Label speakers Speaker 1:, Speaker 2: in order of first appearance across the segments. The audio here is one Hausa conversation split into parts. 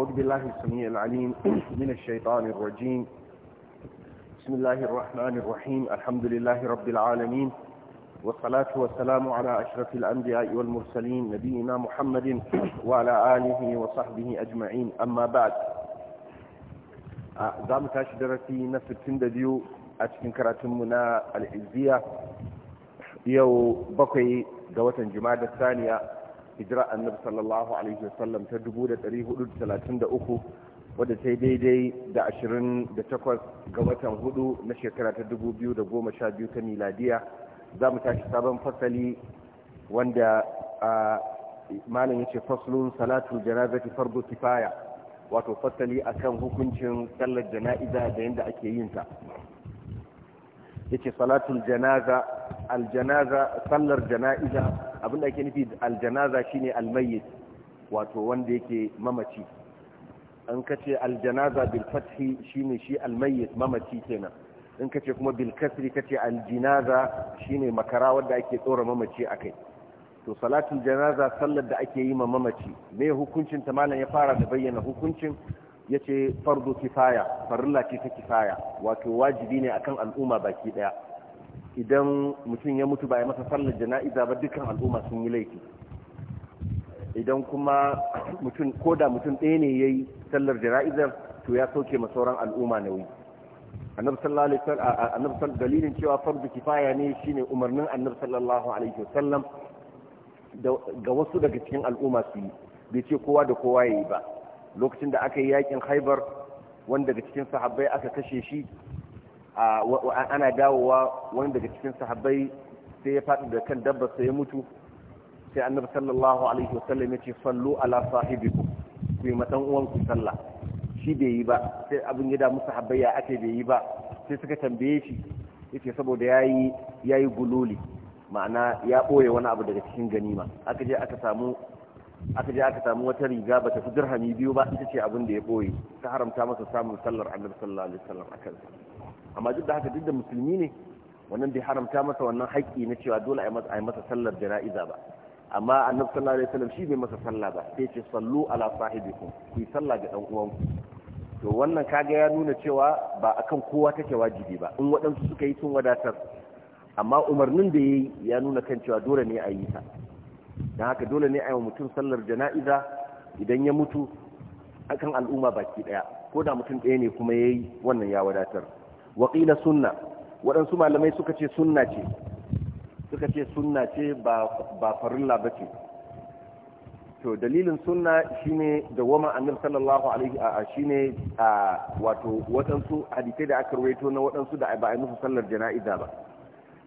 Speaker 1: أعوذ بالله السميع العليم من الشيطان الرجيم بسم الله الرحمن الرحيم الحمد لله رب العالمين والصلاة والسلام على أشرف الأنبياء والمرسلين نبينا محمد وعلى آله وصحبه أجمعين أما بعد زام تاشدرتي نفس التندديو أتكن كراتمنا العزية يو بقي دوة جماد الثانية hijira annabi sallallahu alaihi wasallam ta 1433 wadda ta yi daidai da 28 ga watan hudu na shekara ta 2012 ta miladiya za mu tashi sabon fasali wanda malam yace faslun salatul janazati fardu kifaya wato fasali akan hukuncin sallar jana'iza da yadda ake yin ta yace salatul janaza aljanaza sallar janaiza abinda ake nufi aljanaza shine almayyit wato wanda yake mamaci an kace aljanaza bil fathi shine shi almayyit mamaci kenan in kace kuma bil kasri kace aljinaza shine makara wanda ake tsora mamaci akai to salatul janaza sallar da ake yi ma mamaci me hukuncin ta malam ya fara da bayyana hukuncin ya ce fardu kifaya farilla ce ta kifaya wato wajibi ne akan al'umma baki daya idan mutum ya mutu ba ya masa sallar jana'iza ba dukkan al'umma sun yi laifi idan kuma mutum ko da mutum ɗaya ne ya yi sallar jana'izar to ya sauke ma sauran al'umma nauyi annabi sallallahu alaihi dalilin cewa fardu kifaya ne shine umarnin annabi sallallahu alaihi wasallam ga wasu daga cikin al'umma su yi bai ce kowa da kowa yayi ba lokacin da aka yi yakin haibar wani daga cikin sahabbai aka kashe shi ana dawowa wani daga cikin sahabbai sai ya faɗi da kan dabbar sai ya mutu sai annabi sallallahu alaihi wasallam ya ce sallu ala sahibikum ku yi matan ku sallah shi bai yi ba sai abin ya damu sahabbai ya ake bai yi ba sai suka tambaye shi yace saboda yayi yayi gululi ma'ana ya ɓoye wani abu daga cikin ganima aka je aka samu aka je aka samu wata riga ba ta fi dirhami biyu ba ita ce abin da ya boye ta haramta masa samun sallar annabi sallallahu alaihi wasallam a kansa amma duk da haka duk da musulmi ne wannan bai haramta masa wannan haƙƙi na cewa dole a yi masa sallar jana'iza ba amma annabi sallallahu alaihi wasallam shi bai masa sallah ba sai ce sallu ala sahibikum ku yi sallah ga dan uwanku to wannan kaga ya nuna cewa ba akan kowa take wajibi ba in waɗansu suka yi sun wadatar amma umarnin da ya yi ya nuna kan cewa dole ne a yi ta don haka dole ne a yi mutum sallar jana'iza idan ya mutu akan al'umma baki daya ko da mutum ɗaya ne kuma ya yi wannan ya wadatar waƙila sunna waɗansu malamai suka ce sunna ce suka ce sunna ce ba farilla ba to dalilin sunna shine wama annabi sallallahu alaihi a shine wato waɗansu hadisai da aka rawaito na waɗansu da ba a yi musu sallar jana'iza ba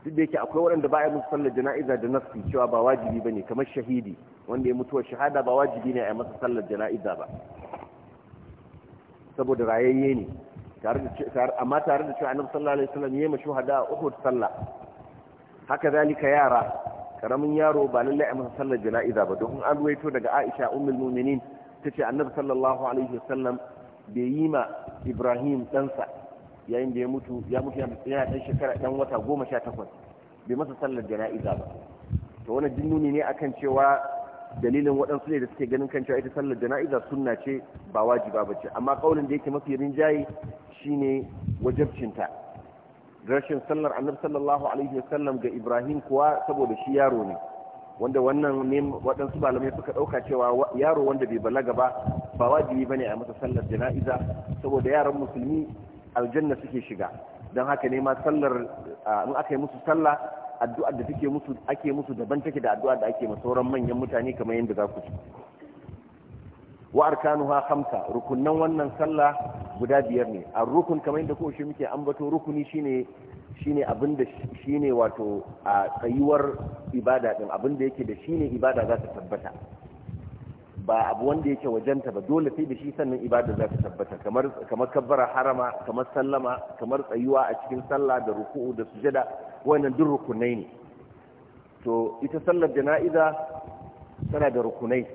Speaker 1: duk da yake akwai waɗanda ba a yi musu sallar jana'iza da nafsi cewa ba wajibi ba ne kamar shahidi wanda ya mutuwa shahada ba wajibi ne a yi masa sallar jana'iza ba saboda rayayye ne amma tare da cewa annabi sallallahu alaihi wasallam yayi a Uhud sallah haka zalika yara karamin yaro ba lallai a masa sallar jana'iza ba don an ruwaito daga Aisha ummul mu'minin tace annabi sallallahu alaihi wasallam bai yi ma Ibrahim sa yayin da ya mutu ya mutu yana ɗan shekara ɗan wata goma sha takwas bai masa sallar jana'iza ba to wani jinnuni ne akan cewa dalilin waɗansu ne da suke ganin kan cewa ita sallar jana'iza sunna ce ba wajiba ba ce amma ƙaunin da yake mafi rinjaye shine wajabcinta rashin sallar annabi sallallahu alaihi wasallam ga ibrahim kuwa saboda shi yaro ne wanda wannan ne waɗansu malamai suka ɗauka cewa yaro wanda bai balaga ba ba wajibi ne a masa sallar jana'iza saboda yaran musulmi aljanna suke shiga don haka ne ma sallar in aka yi musu sallah addu'a da suke musu ake musu daban take da addu'ar da ake ma sauran manyan mutane kamar yadda za ku ci wa arkanuha khamsa rukunnan wannan sallah guda biyar ne a rukun kamar yadda ko shi muke ambato rukuni shine shine abinda shine wato a tsayuwar ibada din abinda yake da shine ibada za ta tabbata ba abu wanda yake wajenta ba dole sai da shi sannan ibada za ta tabbata kamar kamar kabbara harama kamar sallama kamar tsayuwa a cikin sallah da ruku'u da sujada wannan duk rukunai ne to ita sallar jana'iza tana da rukunai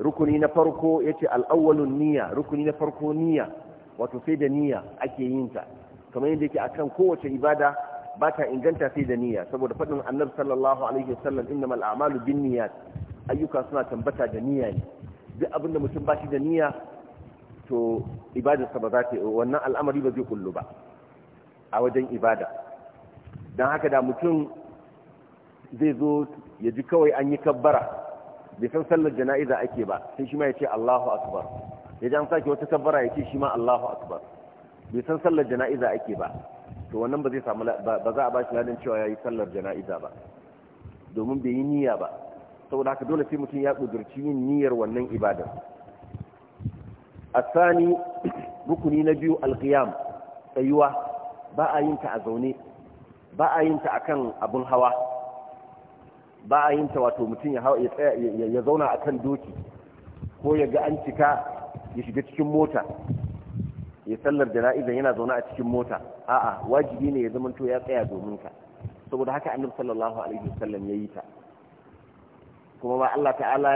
Speaker 1: rukuni na farko yace al-awwalun niyya rukuni na farko niyya wato sai da niyya ake yin ta kamar yadda yake akan kowace ibada ba ta inganta sai da niyya saboda faɗin annabi sallallahu alaihi wasallam innamal a'malu binniyat ayyuka suna tambata da niyya ne duk abinda mutum ba shi da niyya to ibadarsa ba za ta yi wannan al'amari ba zai kullu ba a wajen ibada don haka da mutum zai zo ya ji kawai an yi kabbara bai san sallar jana'iza ake ba sai shi ma ya ce Allahu akbar ya ji an sake wata kabbara ya ce shi ma Allahu akbar bai san sallar jana'iza ake ba to wannan ba zai samu ba za a ba shi ladan cewa yayi sallar jana'iza ba domin bai yi niyya ba saboda haka dole sai mutum ya kudurci yin niyyar wannan ibadar sani, rukuni na biyu alqiyam tsayuwa ba a yin ta a zaune ba a yin ta kan abun hawa ba a yin ta wato mutum ya ya zauna kan doki ko ya ga an cika ya shiga cikin mota ya sallar da na'izan yana zaune a cikin mota a'a wajibi ne ya zamanto ya tsaya domin ka saboda haka annabi sallallahu alaihi wasallam yayi ta kuma ma Allah ta'ala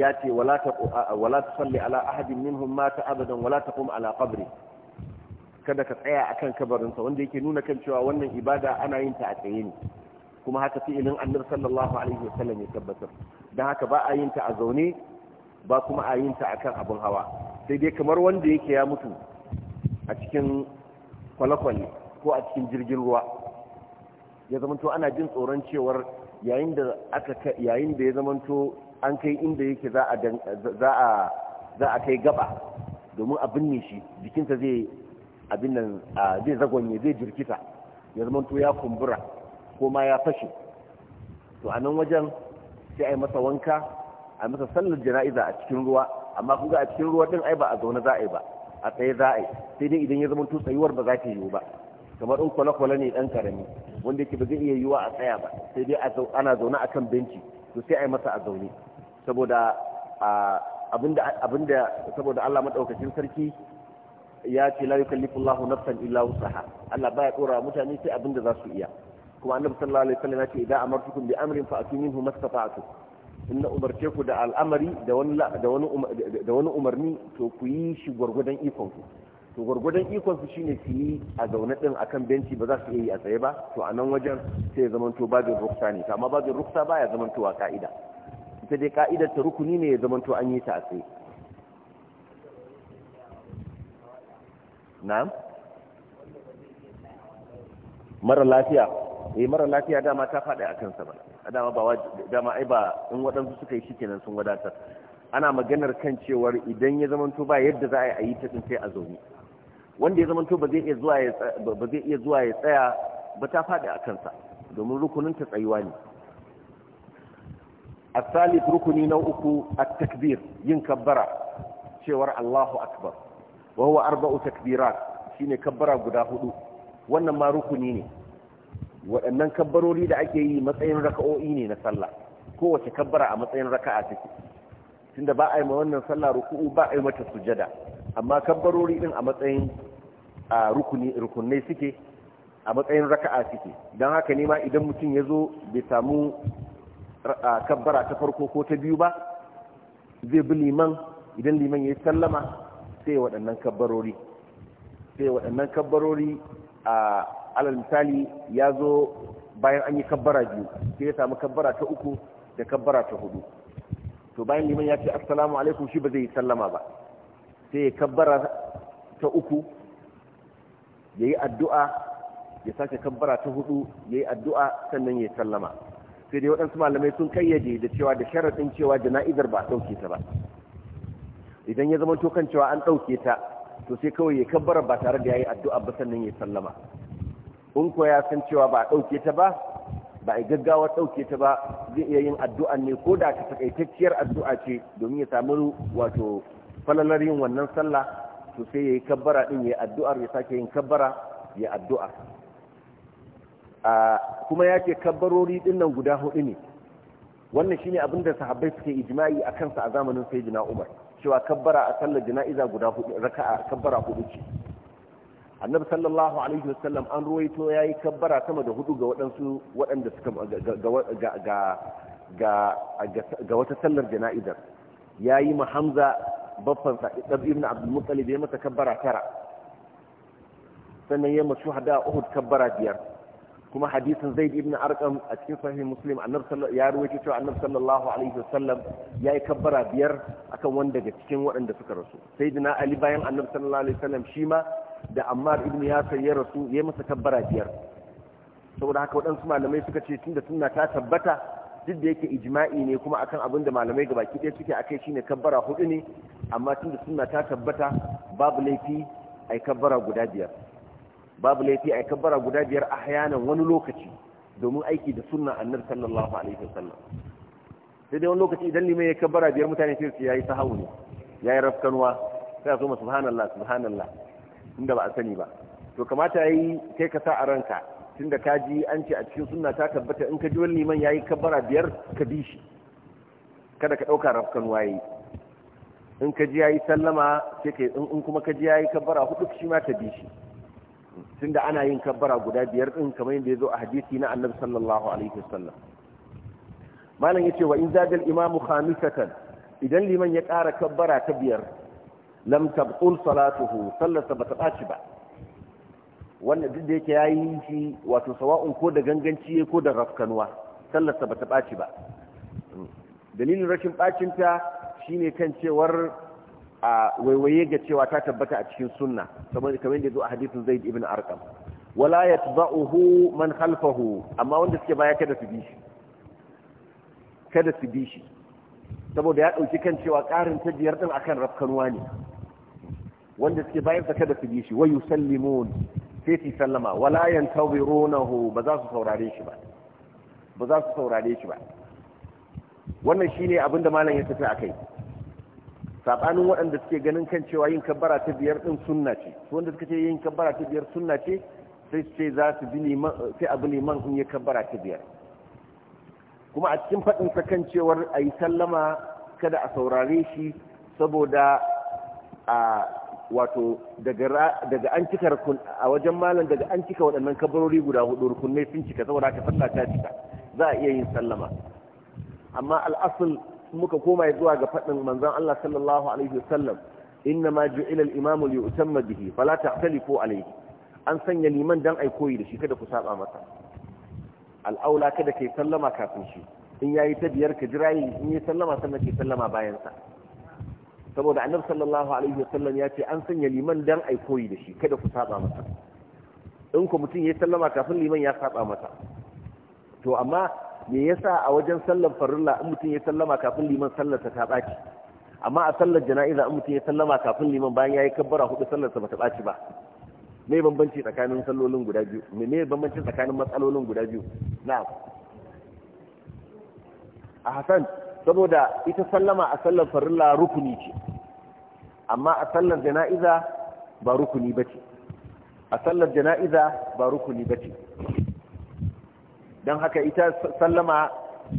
Speaker 1: ya ce wala ta salli ala ahadin minhum mata abadan wala ta kuma ala qabri kada ka tsaya akan kabarinsa wanda yake nuna kan cewa wannan ibada ana yin ta a tsaye ne kuma haka fi'ilin annabi sallallahu alaihi sallam ya tabbatar dan haka ba a yin ta a zaune ba kuma a yin ta akan abin hawa sai dai kamar wanda yake ya mutu a cikin kwale-kwale ko a cikin jirgin ruwa ya zama to ana jin tsoron cewar yayin da aka yayin da ya zamanto an kai inda yake za a kai gaba domin a binne shi jikinsa zai abin nan zai zagonye zai jirkita ya zamanto ya kumbura ko ma ya fashe to a nan wajen sai a yi masa wanka a masa sallar jana'iza a cikin ruwa amma kun ga a cikin ruwa din ai ba a zaune za a yi ba a tsaye za a yi sai dai idan ya zama to tsayuwar ba za ta yiwu ba kamar in kwale-kwale ne dan karami wanda yake ba zai iya yiwa a tsaya ba sai dai ana zaune akan benci to sai a yi masa a zaune saboda abinda abinda saboda Allah madaukakin sarki ya ce la yukallifu Allahu nafsan illa wusaha Allah baya dora mutane sai abinda za su iya kuma annabi sallallahu alaihi wasallam ya ce idan amartukum bi amrin fa atu mastata'tu in na umarce ku da al'amari da wani da wani um-, da wani umarni to ku yi shi gwargwadon ikon ku to gwargwadon ikon su shine su yi a zaune din akan benci ba za su iya yi a tsaye ba to a nan wajen sai zaman to babin ruksa ne amma babin ruksa baya zamantowa ka'ida ita dai ka'idar ta rukuni ne ya to an yi ta a tsaye na'am mara lafiya eh mara lafiya dama ta faɗi a kansa ba dama ba dama ai ba in waɗansu suka yi shikenan sun wadatar ana maganar kan cewar idan ya to ba yadda za a yi ta sai a zaune wanda ya zama ba iya zuwa ya ba zai iya zuwa ya tsaya ba ta faɗi a kansa domin rukunin ta tsayuwa ne asali rukuni na uku a takbir yin kabbara cewar Allahu akbar wa huwa arba'u shi shine kabbara guda hudu wannan ma rukuni ne waɗannan kabbarori da ake yi matsayin raka'o'i ne na sallah kowace kabbara a matsayin raka'a take tunda ba a yi ma wannan sallah ruku'u ba a yi mata sujada amma kabbarori din a matsayin a rukunai suke a matsayin raka'a suke don haka ne ma idan mutum ya zo bai samu kabbara ta farko ko ta biyu ba zai bi liman idan liman ya yi sallama sai waɗannan kabbarori sai waɗannan kabbarori a alal misali ya zo bayan an yi kabbara biyu sai ya samu kabbara ta uku da kabbara ta hudu to bayan liman ya ce assalamu alaikum shi ba zai yi sallama ba sai ya kabbara ta uku ya yi addu'a ya sake kambara ta hudu ya yi addu'a sannan ya sallama sai dai waɗansu malamai sun kayyade da cewa da sharaɗin cewa jana'izar ba a ɗauke ta ba idan ya zama to kan cewa an ɗauke ta to sai kawai ya kabbara ba tare da ya yi addu'a ba sannan ya sallama in kuwa ya san cewa ba a ɗauke ta ba ba a gaggawar ɗauke ta ba zai iya yin addu'a ne ko da ta takaitacciyar addu'a ce domin ya samu wato falalar yin wannan sallah to sai ya yi kabbara ɗin ya addu'ar ya sake yin kabbara ya addu'ar kuma ya ce kabbarori ɗin nan guda hudu ne wannan shine abin da sahabbai suke ijma'i a kansa a zamanin sayyidina umar cewa kabbara a sallar jana'iza guda hudu raka'a kabbara hudu ce annabi sallallahu alaihi wasallam an ruwaito yayi kabbara sama da hudu ga waɗansu waɗanda suka ga ga ga wata sallar jana'izar yayi ma hamza baffansa ibn abdul muttalib ya masa kabbara tara sannan ya masu hada uhud kabbara biyar kuma hadisin zaid ibn arqam a cikin sahih muslim annabi ya ruwaito cewa annab sallallahu alaihi wasallam yayi kabbara biyar akan wanda daga cikin waɗanda suka rasu sayyidina ali bayan annab sallallahu alaihi wasallam shi ma da ammar ibn yasir ya rasu ya masa kabbara biyar saboda haka waɗansu malamai suka ce tunda sunna ta tabbata duk da yake ijma'i ne kuma akan abin da malamai gabaki ɗaya suke akai shine kabbara hudu ne amma tun da sunna ta tabbata babu laifi ai kabbara guda biyar babu laifi ai kabbara guda biyar a hayanan wani lokaci domin aiki da sunna annabi sallallahu alaihi wasallam sai dai wani lokaci idan limai ya kabbara biyar mutane sai su yayi sahawu ne yayi rafkanwa sai a so subhanallah subhanallah inda ba a sani ba to kamata yayi kai ka sa a ranka tunda ka ji an ce a cikin suna ta tabbata in ka ji wani liman ya yi kabbara biyar ka bi shi kada ka ɗauka rafkan waye in ka ji ya yi sallama sai ka in kuma ka ji ya yi kabbara hudu shi ma ka bi shi tun da ana yin kabbara guda biyar din kamar yadda ya zo a hadisi na annabi sallallahu alaihi wasallam malam yace wa in zagal imamu khamisatan idan liman ya ƙara kabbara ta biyar lam tabqul salatuhu sallarsa bata ɓaci ba wannan duk da yake yayi shi wato sawa'un ko da ganganci ko da rafkanuwa sallar ba ta ɓaci ba dalilin rashin ta shine kan cewar a waiwaye ga cewa ta tabbata a cikin sunna saboda kamar da zo a hadisin zaid ibn arqam wala yatba'uhu man khalfahu amma wanda suke baya kada su bi shi kada su bi shi saboda ya dauki kan cewa karin tajiyar ɗin din akan rafkanuwa ne wanda suke bayan kada su bi shi wa yusallimun sai su sallama wala yantawirunahu ba za su saurare shi ba ba za su saurare shi ba wannan shine abin da malam ya tafi akai saɓanin waɗanda suke ganin kan cewa yin kabbara ta biyar din sunna ce su wanda suka ce yin kabbara ta biyar sunna ce sai ce za su bi neman abu in ya kabbara ta biyar kuma a cikin faɗin sa kan cewar a yi sallama kada a saurare shi saboda a wato daga an cika a wajen malam daga an cika waɗannan kabarori guda hudu rukunai sun cika saboda ka sallah ta cika za a iya yin sallama amma al'asul muka koma zuwa ga faɗin manzon Allah sallallahu alaihi wasallam inna ma ju'ila al-imam li yutamma bihi fala ko alayhi an sanya liman dan ai koyi da shi kada ku saba masa al'aula kada kai sallama kafin shi in yayi ta biyar ka jira in yi sallama sannan ke sallama bayansa. saboda annabi sallallahu alaihi wasallam ya ce an sanya liman dan ai koyi da shi kada ku saba masa in ku mutum ya sallama kafin liman ya saba masa to amma me yasa a wajen sallar farilla in mutum ya sallama kafin liman sallar ta tsaki amma a sallar jana'iza in mutum ya sallama kafin liman bayan yayi kabbara hudu sallar sa bata baci ba me bambanci tsakanin sallolin guda biyu me bambanci tsakanin matsalolin guda biyu na'am a hasan saboda ita sallama a sallar farilla rukuni ce amma a sallar jana'iza ba rukuni ba ce a sallar jana'iza ba rukuni ba ce don haka ita sallama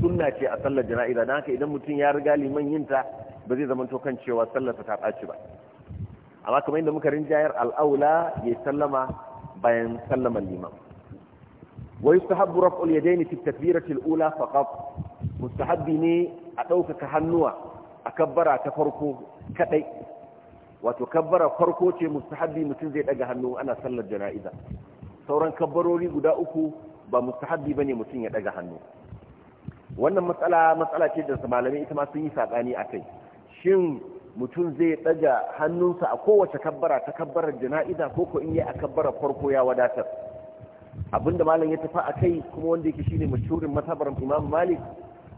Speaker 1: sunna ce a sallar jana'iza don haka idan mutum ya riga liman yinta ba zai zama to kan cewa sallarsa ta ɓaci ba amma kamar yadda muka rinjayar al'aula ya sallama bayan sallaman liman wa yustahabbu raf'ul yadayni fi takbiratil ula faqat mustahabbi ne a ɗaukaka hannuwa a kabbara ta farko kaɗai wato kabbara farko ce musu mustahabbi mutum zai ɗaga hannu ana sallar jana'iza sauran kabbarori guda uku ba musu ba ne mutum ya ɗaga hannu wannan matsala matsala ce da su malamai ita ma sun yi saɓani a kai shin mutum zai ɗaga hannunsa a kowace kabbara ta kabbarar jana'iza ko ko in yi a kabbarar farko ya wadatar abinda malam ya tafa a kai kuma wanda yake shine mashurin matabar imam malik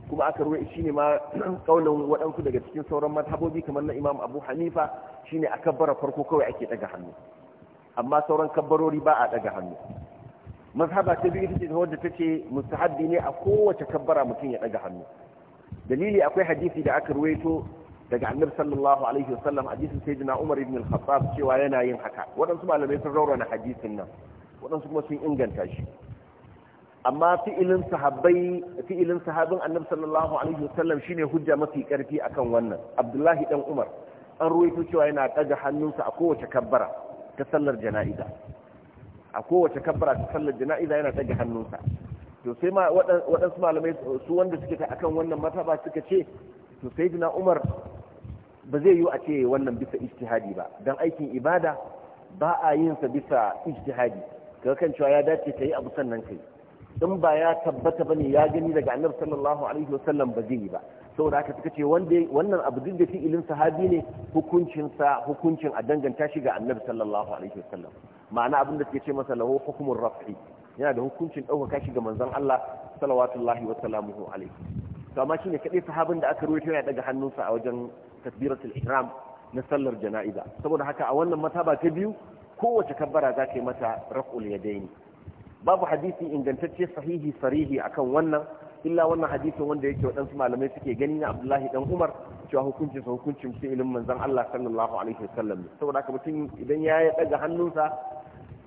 Speaker 1: kuma aka ruwa shi ne ma kaunan waɗansu daga cikin sauran mazhabobi kamar na imam abu hanifa shi ne a kabbara farko kawai ake ɗaga hannu amma sauran kabbarori ba a ɗaga hannu mazhaba ta biyu ita ce wadda ta ce mustahabbi ne a kowace kabbara mutum ya ɗaga hannu dalili akwai hadisi da aka ruwaito daga annabi sallallahu alaihi wasallam hadisin sayyidina umar ibn al-khattab cewa yana yin haka waɗansu malamai sun raurana hadisin nan waɗansu kuma sun inganta shi amma fi'ilin sahabbai fi'ilin sahabin annabi sallallahu alaihi wasallam shine hujja mafi karfi akan wannan abdullahi dan umar an ruwaito cewa yana daga hannunsa a kowace kabbara ta sallar jana'iza a kowace kabbara ta sallar jana'iza yana daga hannunsa to sai ma waɗansu malamai su wanda suke ta akan wannan mataba suka ce to sayyidina umar ba zai yi a ce wannan bisa ijtihadi ba dan aikin ibada ba a yin sa bisa ijtihadi kaga kan cewa ya dace ka kai abu sannan kai in ba ya tabbata bane ya gani daga annabi sallallahu alaihi wasallam ba zai yi ba saboda haka suka ce wannan abu duk da fi'ilin sahabi ne hukuncin sa hukuncin a danganta shi ga annabi sallallahu alaihi wasallam ma'ana abin da suke ce masa lahu hukmur raf'i yana da hukuncin ɗaukaka shi ga manzon Allah salawatullahi wa salamuhu alaihi to amma shine kadai sahabin da aka ruwaito ya daga hannunsa a wajen takbiratul ihram na sallar jana'iza saboda haka a wannan mataba ta biyu kowace kabbara za ka yi mata raf'ul yadaini babu hadisi ingantacce sahihi sarihi akan wannan illa wannan hadisin wanda yake waɗansu malamai suke gani na abdullahi dan umar cewa hukuncin sa hukuncin ilimin manzon Allah sallallahu alaihi wasallam saboda haka mutum idan ya ya daga hannunsa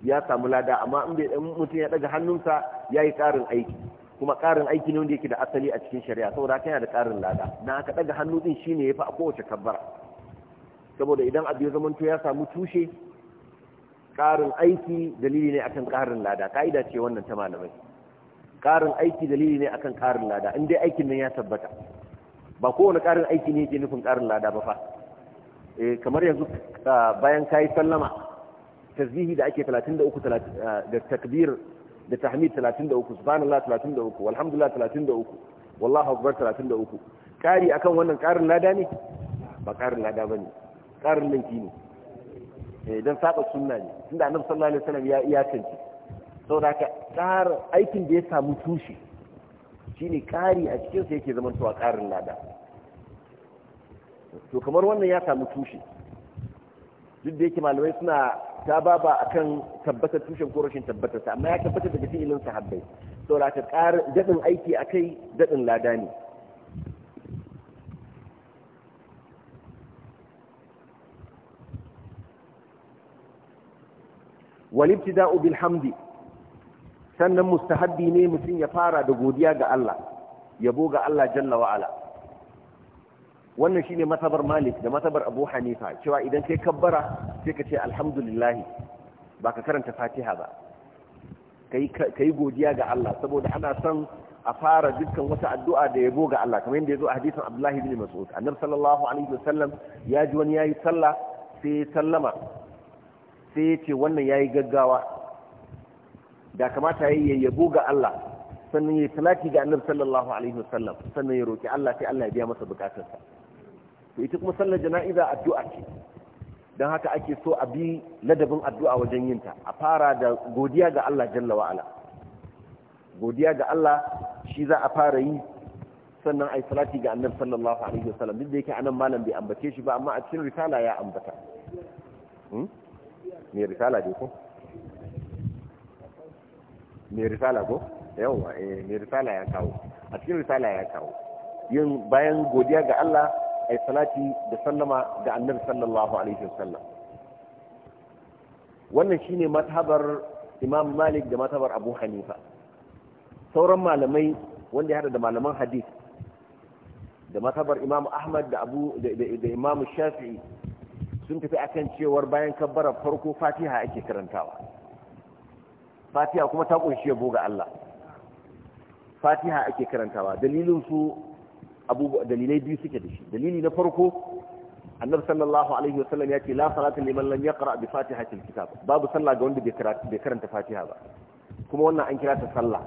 Speaker 1: ya samu lada amma in bai dan mutum ya daga hannunsa ya yi ƙarin aiki kuma ƙarin aiki ne wanda yake da asali a cikin shari'a saboda haka yana da ƙarin lada na aka daga hannu din shine yafi a kowace kabbara saboda idan abu ya zamanto ya samu tushe ƙarin aiki dalili ne akan ƙarin lada ka'ida ce wannan ta malamai ƙarin aiki dalili ne akan ƙarin lada in dai aikin nan ya tabbata ba kowane ƙarin aiki ne yake nufin ƙarin lada ba fa eh kamar yanzu bayan kai sallama tazihi da ake 33 eh, da takbir da tahmid 33 subhanallah 33 walhamdulillah 33 wallahu akbar 33 kari akan wannan ƙarin lada ne ba ƙarin lada bane ƙarin linki ne Eh, don saba sunna ne tunda annabi sallallahu alaihi wasallam ya iyakance saboda ka ƙara aikin da ya samu tushe shine kari a cikin sa yake zaman a ƙarin lada to kamar wannan ya samu tushe duk da yake malamai suna ta baba akan tabbatar tushen ko rashin tabbatar amma ya tabbata daga fi'ilin sahabbai saboda ka ƙarin dadin aiki akai dadin lada ne walibtida'u bil hamdi sannan mustahabbi ne mutum ya fara da godiya ga Allah yabo ga Allah jalla wa'ala. wannan shine matabar Malik da matabar Abu Hanifa cewa idan kai kabbara sai ka ce alhamdulillahi, ba ka karanta Fatiha ba Ka yi godiya ga Allah saboda ana son a fara dukkan wata addu'a da yabo ga Allah kamar yadda yazo a hadisin Abdullahi ibn Mas'ud annabi sallallahu alaihi wasallam ya ji wani ya yi sallah sai sallama sai ya ce wannan ya yi gaggawa da kamata ya yabo ga Allah sannan ya yi talaki ga annabi sallallahu alaihi wasallam sannan ya roƙi Allah sai Allah ya biya masa bukatarsa to ita kuma sallar jana'iza addu'a ce don haka ake so a bi ladabin addu'a wajen yinta a fara da godiya ga Allah jalla wa'ala godiya ga Allah shi za a fara yi sannan ai salati ga annabi sallallahu alaihi wasallam duk da yake anan malam bai ambace shi ba amma a cikin risala ya ambata hmm? mai risala ne ko mai risala ko yawa eh mai risala ya kawo a cikin risala ya kawo yin bayan godiya ga Allah ay salati da sallama ga annabi sallallahu alaihi wasallam wannan shine mazhabar Imam Malik da mazhabar Abu Hanifa sauran malamai wanda ya hada da malaman hadith da mazhabar Imam Ahmad da Abu da Imam Shafi'i sun tafi akan cewar bayan kabbarar farko fatiha ake karantawa fatiha kuma ta kunshi yabo ga Allah fatiha ake karantawa dalilin su abubuwa dalilai biyu suke da shi dalili na farko annabi sallallahu alaihi wasallam ya ce la salata liman lam yaqra bi fatihatil babu sallah ga wanda bai karanta fatiha ba kuma wannan an kira ta sallah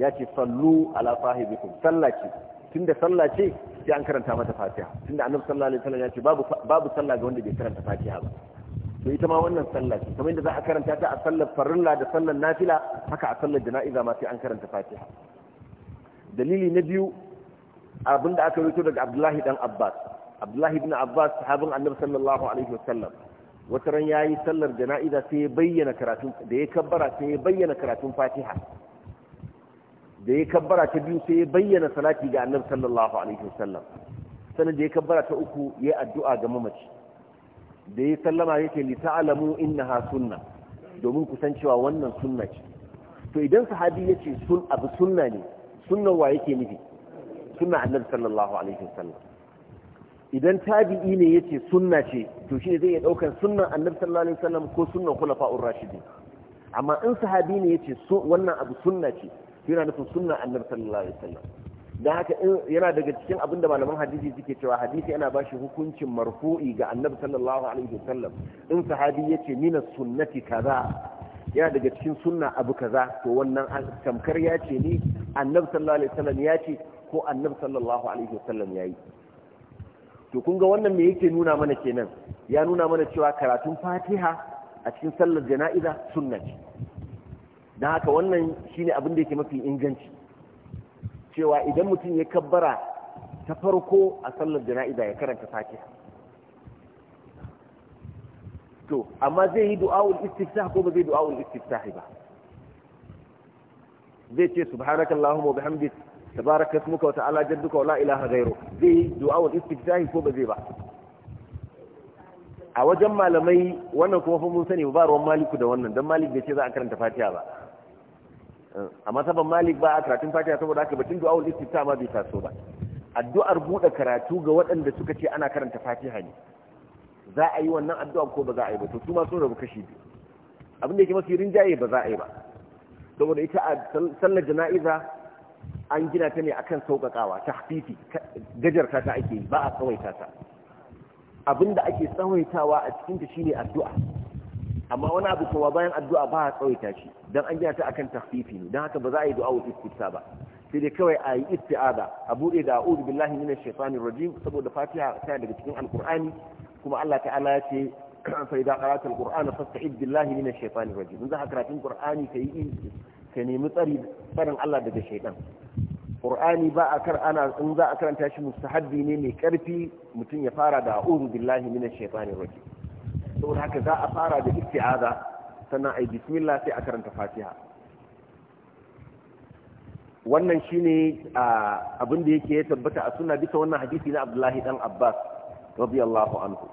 Speaker 1: ya ce sallu ala sahibikum sallah ce tunda sallah ce sai an karanta mata fatiha tunda annabi sallallahu alaihi wasallam ya ce babu babu sallah ga wanda bai karanta fatiha ba to ita ma wannan sallah ce kamar yadda za a karanta ta a sallar farilla da sallar nafila haka a sallar jana'iza ma sai an karanta fatiha dalili na biyu abinda aka rito daga abdullahi dan abbas abdullahi ibn abbas sahabin annabi sallallahu alaihi wasallam wata ran yayi sallar jana'iza sai ya bayyana karatun da ya kabbara sai ya bayyana karatun fatiha da ya kabbara ta biyu sai ya bayyana salati ga annabi sallallahu alaihi wasallam sannan da ya kabbara ta uku ya addu'a ga mamaci da ya sallama yake li ta'lamu innaha sunna domin ku san cewa wannan sunna ce to idan sahabi yace sun abu sunna ne sunna wa yake nufi sunna annabi sallallahu alaihi wasallam idan tabi'i ne yace sunna ce to shine zai iya daukan sunnan annabi sallallahu alaihi wasallam ko sunnan khulafa'ur rashidin amma in sahabi ne yace wannan abu sunna ce yana nufin sunna annabi sallallahu alaihi wasallam dan haka yana daga cikin abin da malaman hadisi suke cewa hadisi yana ba shi hukuncin marfu'i ga annabi sallallahu alaihi wasallam in sahabi yace mina sunnati kaza yana daga cikin sunna abu kaza to wannan tamkar ya ce ni annabi sallallahu alaihi wasallam ya ce ko annabi sallallahu alaihi wasallam yayi to kun ga wannan me yake nuna mana kenan ya nuna mana cewa karatun fatiha a cikin sallar jana'iza sunna ce da haka wannan ne abin da yake mafi inganci cewa idan mutum ya kabbara ta farko a sallar jana'iza ya karanta fatiha to amma zai yi du'awul istiftah ko ba zai du'awul istiftah ba zai ce subhanaka allahumma wa bihamdik tabaraka ismuka wa ta'ala jadduka wa la ilaha ghayru zai yi du'a'ul istiftah ko ba zai ba a wajen malamai wannan kuma fa mun sani ba ruwan maliku da wannan dan malik bai ce za a karanta fatiha ba amma saban malik ba a karatun fatiha saboda haka batun du'a'ul istifta ma bai taso ba addu'ar buɗe karatu ga waɗanda suka ce ana karanta fatiha ne za a yi wannan addu'a ko ba za a yi ba to su ma sun rabu kashi biyu abin da yake mafi rinjaye ba za a yi ba saboda ita a sallar jana'iza an gina ta ne akan sauƙaƙawa ta hafifi Gajar ta ake ba a tsawaita ta abin da ake tsawaitawa a cikinta ta shine addu'a amma wani abu kowa bayan addu'a ba a tsawaita shi dan an gina ta akan takhfifi ne dan haka ba za a yi du'a wa istifta ba sai dai kawai a yi isti'aza a bude da a'udhu billahi minash shaitanir rajim saboda fatiha ta daga cikin alqur'ani kuma Allah ta'ala ya ce fa idza qara'ta alqur'ana fasta'id billahi minash shaitanir rajim in za ka karatun qur'ani ka yi ka nemi tsari tsarin Allah daga shaitan qur'ani ba a kar ana in za a karanta shi mustahabbi ne mai karfi mutum ya fara da a'udhu billahi minash shaitanir rajim saboda haka za a fara da isti'aza sannan ai bismillah sai a karanta fatiha wannan shine abin da yake ya tabbata a sunna bisa wannan hadisi na Abdullahi dan Abbas radiyallahu anhu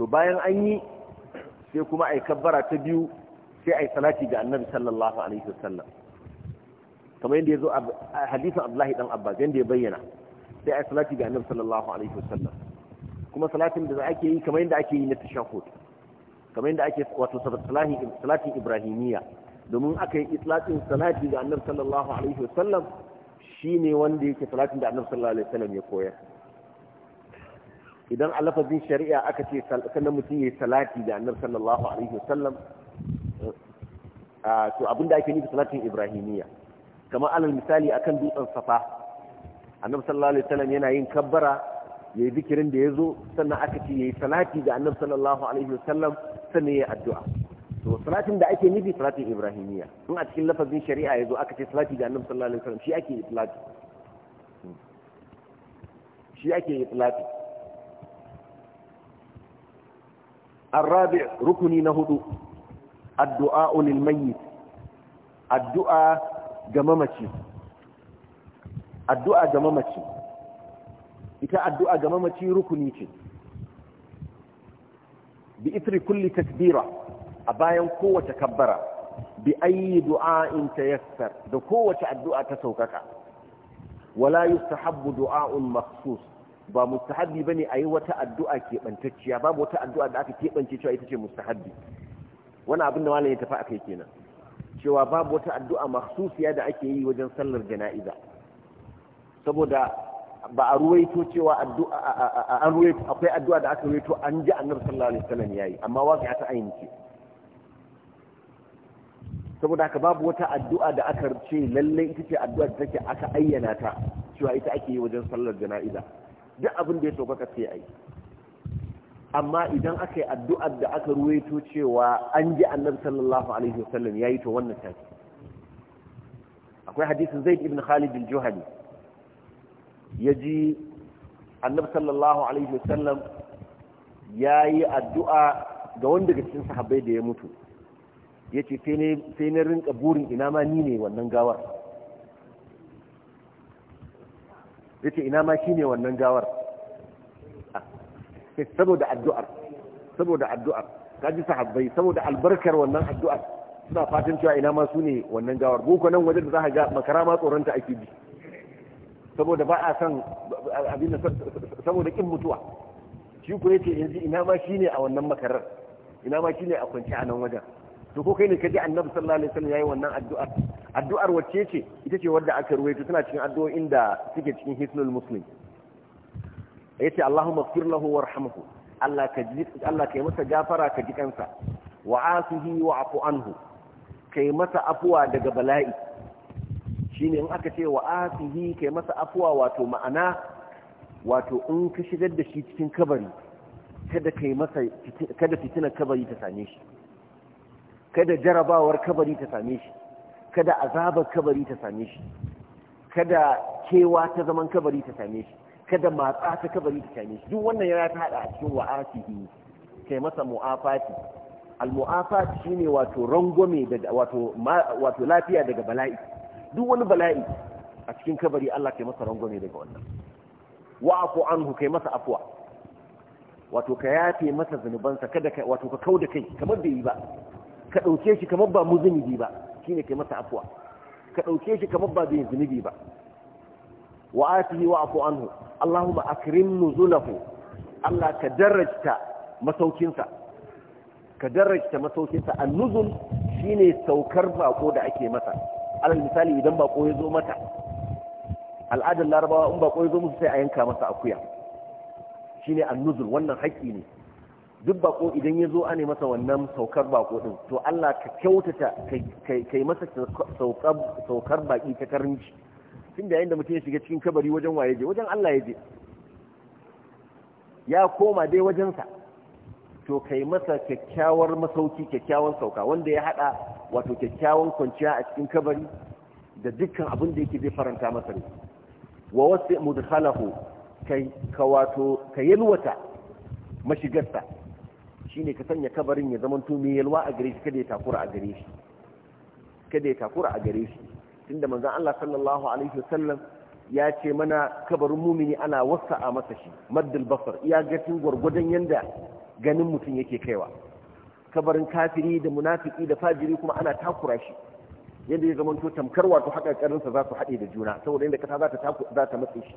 Speaker 1: to bayan an yi sai kuma ai kabbara ta biyu sai ai salati ga Annabi sallallahu alaihi wasallam kamar yadda zo a hadisin Abdullahi dan Abbas yanda ya bayyana sai ai salati ga Annabi sallallahu alaihi wasallam kuma salatin da ake yi kamar yadda ake yi na tashahud kamar yadda ake wato salatin ibrahimiyya domin aka yi islatin salati da annabi sallallahu alaihi sallam shine wanda yake salatin da annabi sallallahu alaihi wasallam ya koyar idan a lafazin shari'a aka ce sannan mutum ya yi salati da annabi sallallahu alaihi sallam to abinda ake nufi salatin ibrahimiyya kamar alal misali akan dutsen safa annabi sallallahu alaihi wasallam yana yin kabbara yayi zikirin da ya zo sannan aka ce yi salati da annabi sallallahu alaihi wasallam sannan ya yi addu'a to salatin da ake nufi salatin ibrahimiya in a cikin lafazin shari'a ya zo aka ce salati da annabi sallallahu alaihi wasallam shi ake itlaqi shi ake itlaqi الرابع ركني نهض الدعاء للميت الدعاء جمامتي الدعاء جمامتي ita addu'a ga mamaci rukuni ce bi itri kulli takbira a bayan kowace kabbara bi ayi in tayassar da kowace addu'a ta saukaka wala yustahabbu du'a'un makhsus ba mustahabbi bane ayi wata addu'a keɓantacciya babu wata addu'a da aka keɓance cewa ita ce mustahabbi wani abin da malam ya tafi akai kenan cewa babu wata addu'a makhsusiya da ake yi wajen sallar jana'iza saboda ba a ruwaito cewa an ruwaito akwai addu'a da aka ruwaito an ji annabi sallallahu alaihi wasallam yayi amma wazi ta ayin ce saboda haka babu wata addu'a da aka ce lalle ita ce addu'a da take aka ayyana ta cewa ita ake yi wajen sallar jana'iza duk abin da ya sauka sai ayi amma idan aka yi addu'a da aka ruwaito cewa an ji annabi sallallahu alaihi wasallam yayi to wannan ta akwai hadisin zaid ibn khalid al-juhani ya ji annabi sallallahu alaihi wasallam ya yi addu'a ga wanda ga cikin sahabbai da ya mutu ya ce sai na burin ina ma ni ne wannan gawar ya ce ina ma shi ne wannan gawar ah, saboda addu'ar saboda addu'ar kaji sahabbai saboda albarkar wannan addu'ar suna fatan cewa ina ma su ne wannan gawar boko nan wajen da za a ga makara ma tsoronta ake bi saboda ba a san abin da saboda kin mutuwa shi ko yace yanzu ina ma shine a wannan makarar ina ma shine a kwance a nan wajen to ko kai ne kaji annabi sallallahu alaihi wasallam yayi wannan addu'a addu'ar wacce ce ita ce wadda aka ruwaito tana cikin addu'o'in da suke cikin hisnul muslim yace Allahumma ighfir lahu warhamhu Allah ka ji Allah kai masa gafara ka ji kansa wa asihi wa afu anhu kai masa afuwa daga bala'i shine in aka ce wa afihi kai masa afuwa wato ma'ana wato in ka shigar da shi cikin kabari kada kai masa kada fitinar kabari ta same shi kada jarabawar kabari ta same shi kada azabar kabari ta same shi kada kewa ta zaman kabari ta same shi kada matsa ta kabari ta same shi duk wannan ya ta hada a cikin afihi kai masa mu'afati al mu'afati shine wato rangwame da wato wato lafiya daga bala'i duk wani bala'i a cikin kabari Allah ke masa rangwame daga wannan wa aku anhu kai masa afuwa. wato ka yafe masa zanubansa kada ka wato ka kauda kai kamar bai yi ba ka dauke shi kamar ba muzunibi ba shine kai masa afuwa. ka dauke shi kamar ba bai zunubi ba wa atihi wa aku anhu Allahumma akrim nuzulahu Allah ka darajta masaukinsa ka darajta masaukinsa annuzul shine saukar bako da ake masa alal misali idan bako ya zo mata al'adar larabawa in bako ya zo musu sai a yanka masa akuya shine annuzul wannan haƙƙi ne duk bako idan ya zo ane masa wannan saukar bako din to Allah ka kyautata kai masa saukar baƙi ta karinci tun da yayin da mutum ya shiga cikin kabari wajen waye je wajen Allah ya je ya koma dai wajensa to kai masa kyakkyawar masauki kyakkyawar sauka wanda ya hada wato kyakkyawan kwanciya a cikin kabari da dukkan abin da yake zai faranta masa ne wa wasu mudkhalahu kai ka wato ka yalwata mashigarsa shine ka sanya kabarin ya zamanto mai yalwa a gare shi kada ya takura a gare shi kada ya takura a gare shi tunda manzon Allah sallallahu alaihi wasallam ya ce mana kabarin mumini ana wasa a masa shi maddul basar iya gatin gwargwadon yanda ganin mutum yake kaiwa kabarin kafiri da munafiki da fajiri kuma ana takura shi yadda ya zamanto tamkar wato karinsa za su haɗe da juna saboda yadda kasa za ta za ta shi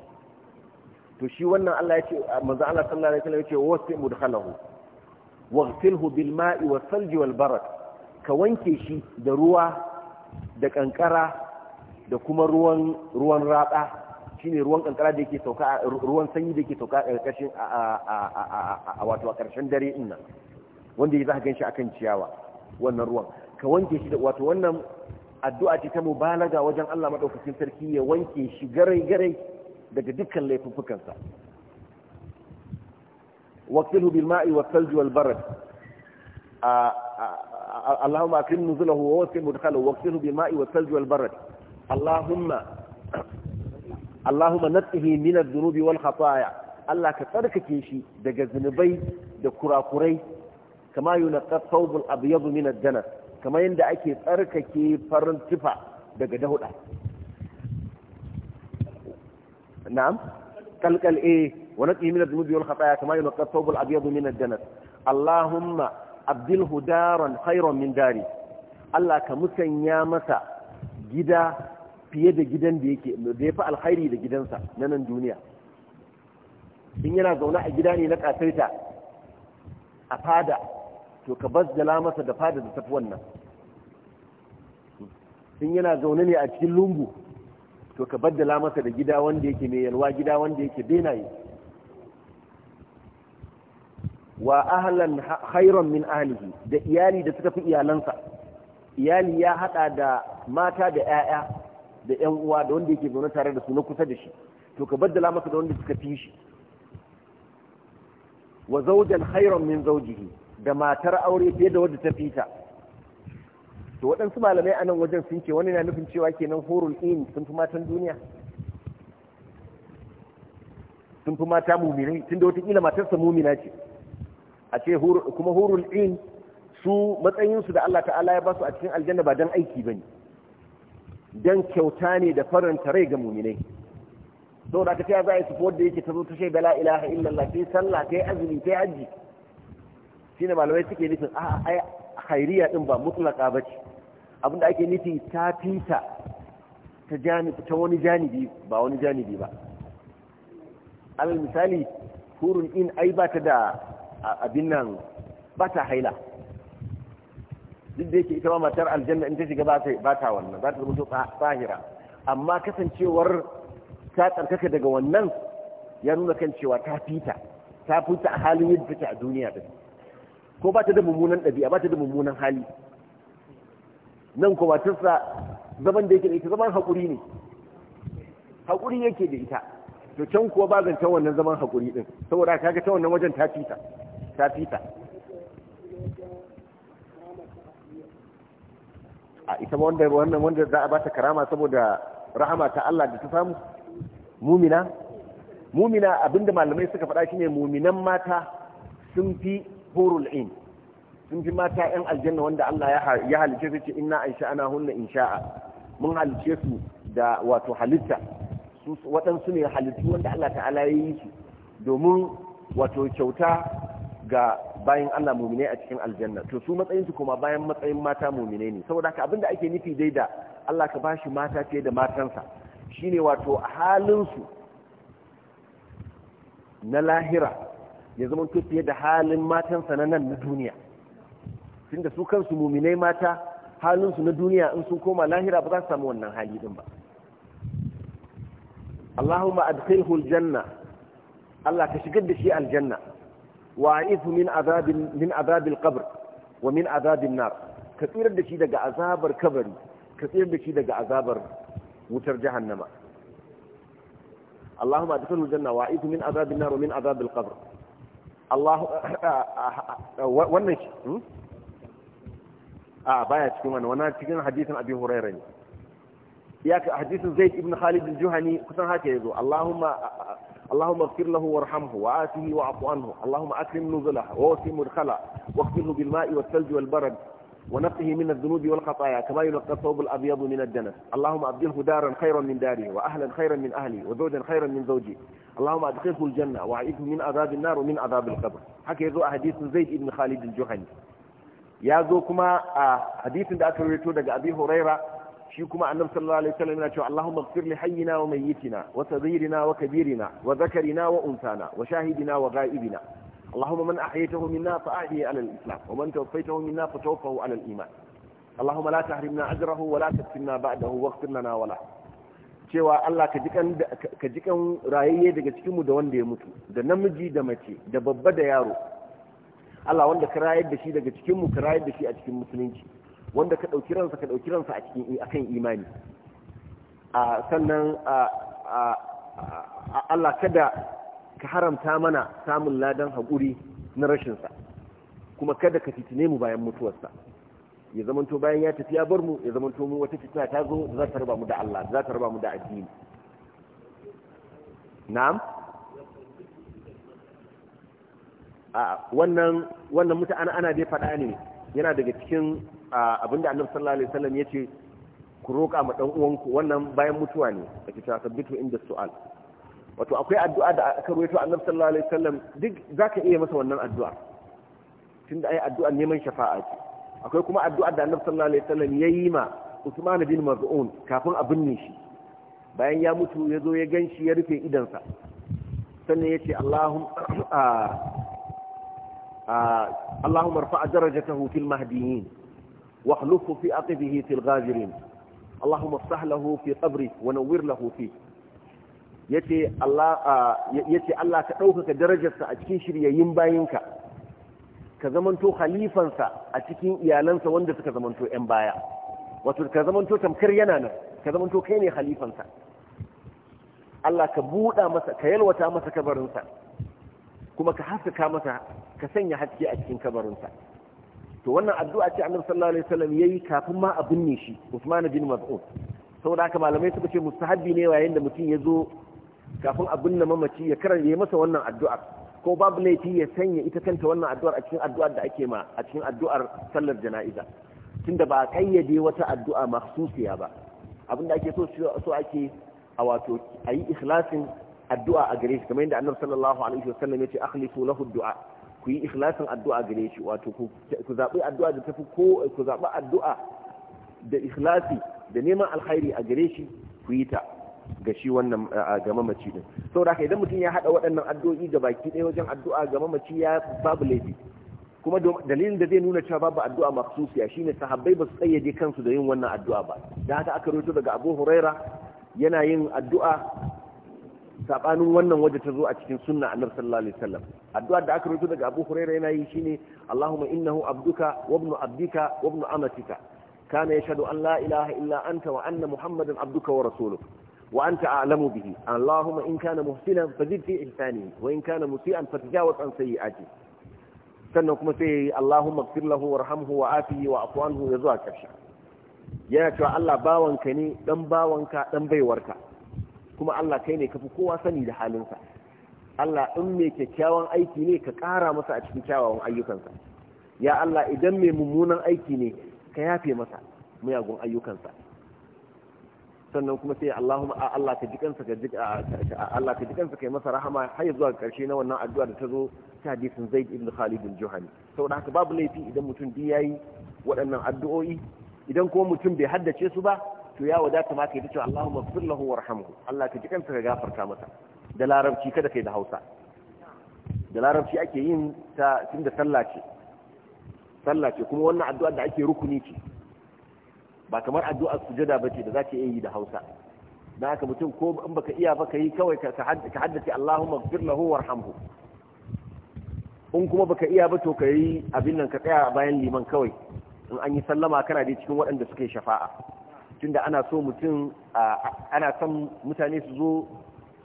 Speaker 1: to shi wannan Allah ya ce manzo Allah sallallahu alaihi wasallam ya ce wasi mudkhalahu waghsilhu bil ma'i was salji wal barad ka wanke shi da ruwa da kankara da kuma ruwan ruwan raba shine ruwan kankara da yake sauka ruwan sanyi da yake sauka a ƙarshen a wato a ƙarshen dare din nan wanda ya zaka ganshi akan ciyawa wannan ruwan ka wanke shi da wato wannan addu'a ce ta mubalaga wajen Allah madaukakin sarki ya wanke shi garai garai daga dukkan laifuffukansa waqtilhu bil ma'i was salji wal barad اللهم اكرم نزله ووسع مدخله واغسله بالماء والثلج والبرد اللهم اللهم نطه من الذنوب والخطايا الله كتركتي شي دغ ذنبي دكراكوري كما ينقى الثوب الابيض من الدنس كما يندى اكي تركتي فرن تفا دغ دهودا نعم تلقل ايه ونطه من الذنوب والخطايا كما ينقى الثوب الابيض من الدنس اللهم ابدله دارا خيرا من داري الله كمسنيا مسا جدا fiye da gidan da yake da ya fi alkhairi da gidansa na nan duniya in yana zaune a gida ne na ƙasaita a fada to ka bas da masa da fada da tafi wannan in yana zaune ne a cikin lungu to ka bas da masa da gida wanda yake mai yalwa gida wanda yake benaye wa ahlan khairan min ahlihi da iyali da suka fi iyalansa iyali ya hada da mata da 'ya'ya da ƴan uwa da wanda yake zaune tare da su na kusa da shi to ka baddala masa da wanda suka fi shi wa zawjan khairan min zawjihi da matar aure fiye da wadda ta fita to waɗansu malamai a nan wajen sun ce wani na nufin cewa kenan horul in sun fi matan duniya sun fi mata muminai tunda kila matarsa mumina ce a ce kuma horul in su matsayinsu da Allah ta'ala ya ba su a cikin aljanna ba don aiki ba ne don kyauta ne da faranta rai ga muminai sau da aka za a yi su da yake ta zo ta shaida la ilaha illallah sai sallah yi azumi yi hajji shi ne malamai suke nufin a ai khairiya din ba mutlaka ba ce abinda ake nufi ta fita ta ta wani janibi ba wani janibi ba alal misali hurun in ai ba ta da abin nan ba ta haila duk da yake ita ma matar aljanna in ta shiga ba ta ba ta wannan ba ta mutu to amma kasancewar ta tsarkaka daga wannan ya nuna kan cewa ta fita ta fita a halin yadda take a duniya din ko ba ta da mummunan ɗabi'a ba ta da mummunan hali nan ko sa zaman da yake da ita zaman haƙuri ne haƙuri yake da ita to can kuwa ba zancen wannan zaman haƙuri din saboda kaga ta wannan wajen ta fita ta fita a ita wanda wannan wanda za a ba ta karama saboda rahama ta Allah da ta samu mumina mumina abinda malamai suka faɗa shine muminan mata sun fi hurul in sun fi mata yan aljanna wanda Allah ya halice su ce inna an sha'ana hunna insha'a mun halice su da wato halitta waɗansu ne halittu wanda Allah ta'ala ya yi su domin wato kyauta ga bayan Allah muminai a cikin aljanna to su matsayin su kuma bayan matsayin mata muminai ne saboda haka abinda ake nufi dai da Allah ka bashi mata ce da matansa shine wato halin su na lahira ya zama to fiye da halin matansa na nan na duniya tunda su kansu muminai mata halin su na duniya in su koma lahira ba za su samu wannan hali din ba Allahumma adkhilhu aljanna Allah ka shigar da shi aljanna وعيث من عذاب من عذاب القبر ومن عذاب النار كثير من شيء دقى عذاب الكبر كثير من شيء دقى عذاب وتر جهنم اللهم ادخل الجنة وعيث من عذاب النار ومن عذاب القبر الله ونش اه بايا تكون وانا تكون حديث ابي هريرة ياك حديث زيد بن خالد الجهني كنت هكذا يقول اللهم اللهم اغفر له وارحمه وآته واعف عنه اللهم أكرم نزله ووسع مدخله واغفره بالماء والثلج والبرد ونقه من الذنوب والخطايا كما ينقى الثوب الأبيض من الدنس اللهم أبدله دارا خيرا من داره وأهلا خيرا من أهلي وزوجا خيرا من زوجي اللهم أدخله الجنة وأعيده من عذاب النار ومن عذاب القبر حكى ذو حديث زيد بن خالد الجهني يا ذو كما آه، حديث ذاك رويته أبي هريرة shi kuma annabi sallallahu alaihi wasallam yana cewa Allahumma ighfir li hayyina wa mayyitina wa saghirina wa kabirina wa zakarina wa unsana wa shahidina wa ghaibina اللهم من أحييته منا فأحيي على الإسلام ومن توفيته منا فتوفه على الإيمان اللهم لا تحرمنا أجره ولا تفتنا بعده واغفر لنا وله cewa Allah ka jikan ka jikan rayayye daga cikin mu da wanda ya mutu da namiji da mace da babba da yaro Allah wanda ka rayar da shi daga cikin mu ka rayar da shi a cikin musulunci wanda ka ɗauki ransa ka ɗauki ransa a cikin akan imani a sannan Allah kada ka haramta mana samun ladan haƙuri na rashinsa kuma kada ka fitine mu bayan mutuwarsa ya zamanto bayan ya tafi ya bar mu ya zamanto mu wata fitina ta zo za ta raba mu da Allah za ta raba mu da addini na'am a wannan wannan mutane ana dai faɗa ne yana daga cikin abinda annabi sallallahu alaihi wasallam yace ku roƙa ma dan uwanku wannan bayan mutuwa ne kace ta sabbitu inda su'al wato akwai addu'a da aka rawaito annabi sallallahu alaihi wasallam duk zaka iya masa wannan addu'a tunda ai addu'a neman shafa'a ce akwai kuma addu'a da annabi sallallahu alaihi wasallam yayi ma Usman bin Maz'un kafin a binne shi bayan ya mutu ya zo ya ganshi ya rufe idansa sannan ya ce Allahumma Allahumma rafa'a darajatahu fil mahdiyin واخلفه في عقبه في الغابرين اللهم افتح له في قبره ونور له فيه yace Allah yace Allah ka ɗaukaka darajarsa a cikin shiryayyin bayinka ka zamanto khalifansa a cikin iyalansa wanda suka zamanto ƴan baya wato ka zamanto tamkar yana nan ka zamanto kai ne khalifansa Allah ka buɗa masa ka yalwata masa kabarinsa kuma ka haskaka masa ka sanya haske a cikin kabarinsa to wannan addu'a ce annabi sallallahu alaihi wasallam yayi kafin ma a binne shi Usman bin Mas'ud saboda haka malamai suka ce mustahabbi ne yayin da mutum ya zo kafin a binne mamaci ya karanta ya masa wannan addu'a ko babu laifi ya sanya ita kanta wannan addu'ar a cikin addu'ar da ake ma a cikin addu'ar sallar jana'iza tunda ba a kayyade wata addu'a mahsusiya ba abinda ake so so ake a wato ayi ikhlasin addu'a a gare shi kamar yadda annabi sallallahu alaihi wasallam ya ce akhlifu lahu du'a ku yi ikhlasin addu'a gare shi wato ku zaɓi addu'a da tafi ko ku zaɓi addu'a da ikhlasi da neman alkhairi a gare shi ku yi ta ga shi wannan ga mamaci din saboda haka idan mutum ya hada waɗannan addu'o'i ga baki ɗaya wajen addu'a ga mamaci ya babu laifi kuma dalilin da zai nuna cewa babu addu'a maksusiya shine sahabbai ba su tsayyade kansu da yin wannan addu'a ba da haka aka rawaito daga Abu Huraira yana yin addu'a sabanin wannan waje ta zo a cikin sunna annabi sallallahu alaihi wasallam addu'ar da aka rubuta daga Abu Hurairah yana yi shine Allahumma innahu abduka wa ibnu abdika wa ibnu amatika kana yashhadu an la ilaha illa anta wa anna muhammadan abduka wa rasuluka wa anta a'lamu bihi Allahumma in kana muhsinan fazid fi ihsanihi wa in kana musian fatajawaz an sayyi'ati sannan kuma sai Allahumma ighfir lahu warhamhu wa afihi wa afu anhu ya zuwa karshe yana cewa Allah bawanka ne dan bawanka dan baiwarka kuma Allah kai ne kafi kowa sani da halinsa Allah in mai kyakkyawan aiki ne ka kara masa a cikin kyawawan ayyukansa ya Allah idan mai mummunan aiki ne ka yafe masa muyagun ayyukansa sannan kuma sai Allahumma Allah ka jikansa ka Allah ka jikansa kai masa rahama har zuwa karshe na wannan addu'a da ta zo ta hadisin Zaid ibn Khalid al-Juhani saboda haka babu laifi idan mutum bi yayi waɗannan addu'o'i idan kuma mutum bai haddace su ba to ya wadata ma kai ta cewa Allahumma fir lahu warhamhu Allah ka ji kanta ka gafarta masa da larabci kada kai da Hausa da larabci ake yin ta tunda sallah ce sallah ce kuma wannan addu'a da ake rukuni ce ba kamar addu'ar sujada bace da zaka yi da Hausa dan haka mutum ko in baka iya baka yi kawai ka haddace Allahumma fir lahu warhamhu in kuma baka iya ba to kai abin nan ka tsaya bayan liman kawai in an yi sallama kana da cikin waɗanda suke shafa'a tunda ana so mutum ana son mutane su zo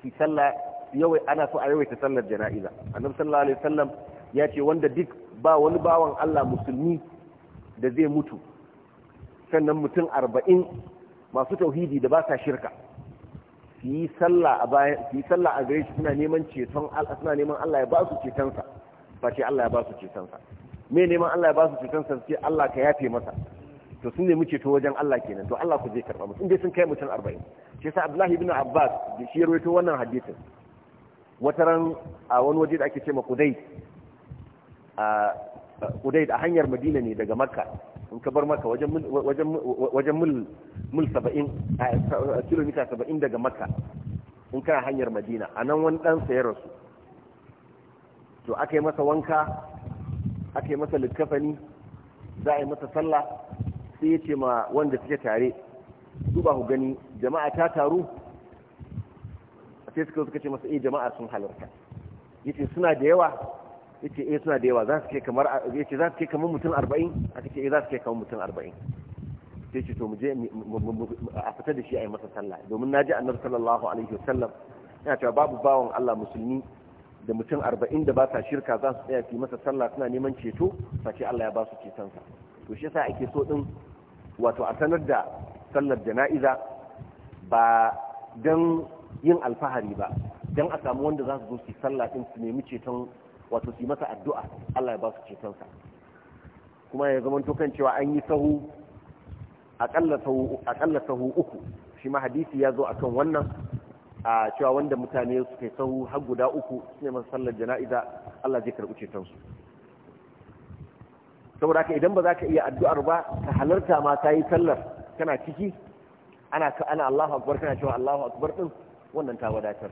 Speaker 1: su sallah yawai ana so a yawaita sallar jana'iza annabi sallallahu alaihi wasallam ya ce wanda duk ba wani bawan Allah musulmi da zai mutu sannan mutum arba'in masu tauhidi da ba sa shirka su yi sallah a gare shi suna neman ceton suna neman Allah ya ba su cetonsa ba ce Allah ya ba su cetonsa me neman Allah ya ba su cetonsa ce Allah ka yafe masa to sun nemi ceto wajen Allah kenan to Allah ku zai karba musu dai sun kai mutum 40 shi yasa Abdullahi ibn Abbas da shi rawaito wannan hadisin ran a wani waje da ake cewa Qudai a Qudai a hanyar Madina ne daga Makka in ka bar Makka wajen wajen wajen mil mil 70 kilomita 70 daga Makka in kana hanyar Madina anan wani dan sayar rasu to aka yi masa wanka aka yi masa likafani za a yi masa sallah sai ya ce ma wanda suke tare duba ku gani jama'a ta taru sai suka suka ce masa eh jama'a sun halarta yace suna da yawa yace eh suna da yawa za su ke kamar yace za su ke kamar mutum 40 aka ce eh za su ke kamar mutum 40 sai ce to mu je a fita da shi a yi masa sallah domin naji annabi sallallahu alaihi wasallam yana cewa babu bawon Allah musulmi da mutum 40 da ba sa shirka za su tsaya su yi masa sallah suna neman ceto face Allah ya ba su cetonsa to shi yasa ake so din wato a sanar da sallar jana'iza ba don yin alfahari ba don a samu wanda za su zo su sallah din su nemi ceton wato su yi masa addu'a Allah ya ba su cetonsa kuma ya zama kan cewa an yi sahu akalla sahu uku shi ma hadisi ya zo a kan wannan a cewa wanda mutane su kai sahu har guda uku su ne masa sallar jana'iza Allah zai karɓi cetonsu saboda haka idan ba za ka iya addu'ar ba ka halarta ma ta yi sallar kana ciki ana ana Allahu akbar kana cewa Allahu akbar din wannan ta wadatar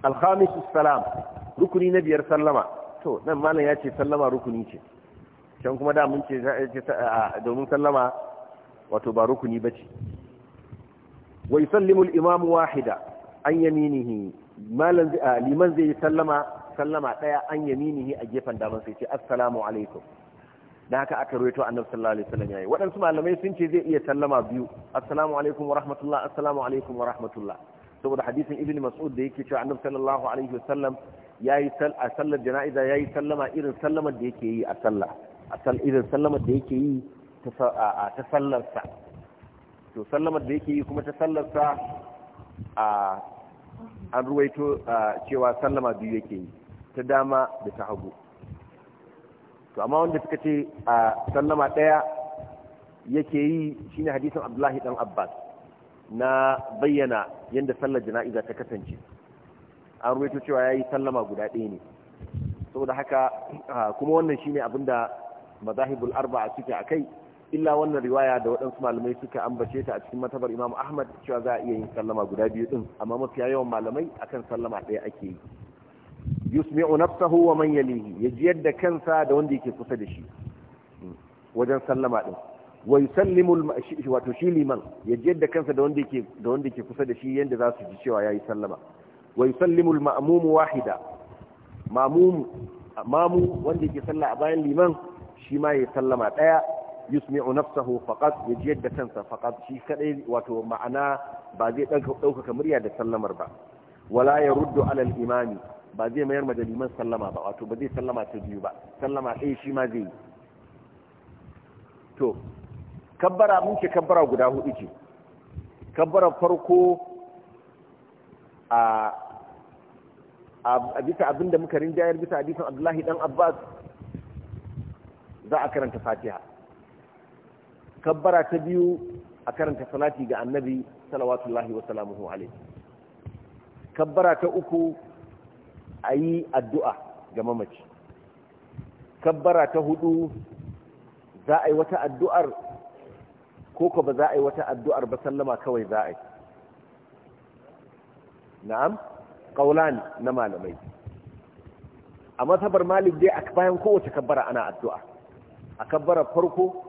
Speaker 1: الخامس السلام ركني نبي sallama to nan malam ya ce sallama rukuni ce can kuma da mun ce domin sallama wato ba rukuni ba ce wai sallimul imamu wahida an yaminihi malam liman zai yi sallama sallama daya an yaminihi a gefen daman sai ce assalamu alaikum da haka aka rawaito annabi sallallahu alaihi wasallam yayi waɗansu malamai sun ce zai iya sallama biyu assalamu alaikum wa rahmatullah assalamu alaikum wa rahmatullah saboda hadisin ibn mas'ud da yake cewa annabi sallallahu alaihi wasallam yayi sal a sallar jana'iza yayi sallama irin sallamar da yake yi a sallah a sal irin sallamar da yake yi ta sallar sa to sallamar da yake yi kuma ta sallarsa a an ruwaito cewa sallama biyu yake yi ta dama da ta hagu to amma wanda suka ce a sallama ɗaya yake yi shine hadisin abdullahi dan abbas na bayyana yadda sallar jana'iza ta kasance an ruwaito cewa ya yi sallama guda ɗaya ne saboda haka kuma wannan shine abinda mazahibul arba'a suke a kai illa wannan riwaya da waɗansu malamai suka ambace ta a cikin matabar imam ahmad cewa za a iya yin sallama guda biyu din amma mafiya yawan malamai akan sallama ɗaya ake yi yusmi'u nafsahu wa man yalihi ya jiyar da kansa da wanda yake kusa da shi mm, wajen sallama din wa yusallimu wato shi liman ya jiyar da kansa da wanda yake da wanda yake kusa da shi yanda za su ji cewa yayi sallama wa yusallimu al-ma'mum wahida ma'mum mamu wanda yake sallah a bayan liman shi ma ya sallama daya yusmi'u nafsahu faqat ya ji yadda kansa faqat shi kadai wato ma'ana ba zai ɗaukaka murya da sallamar ba wala ya ruddu alal imami ba zai mayar ma sallama ba wato ba zai sallama ta biyu ba sallama ɗaya shi ma zai yi to kabbara mun ce kabbara guda hudu ce kabbara farko a a bisa da muka rinjayar bisa hadisin Abdullahi dan Abbas za a karanta Fatiha kabbara ta biyu a karanta salati ga annabi salawatullahi wa salamuhu alaihi kabbara ta uku a yi addu'a ga mamaci kabbara ta hudu za a yi wata addu'ar ko ko ba za a yi wata addu'ar ba sallama kawai za a yi na'am ƙaulan na malamai a matsabar malik dai a bayan kowace kabbara ana addu'a a kabbara farko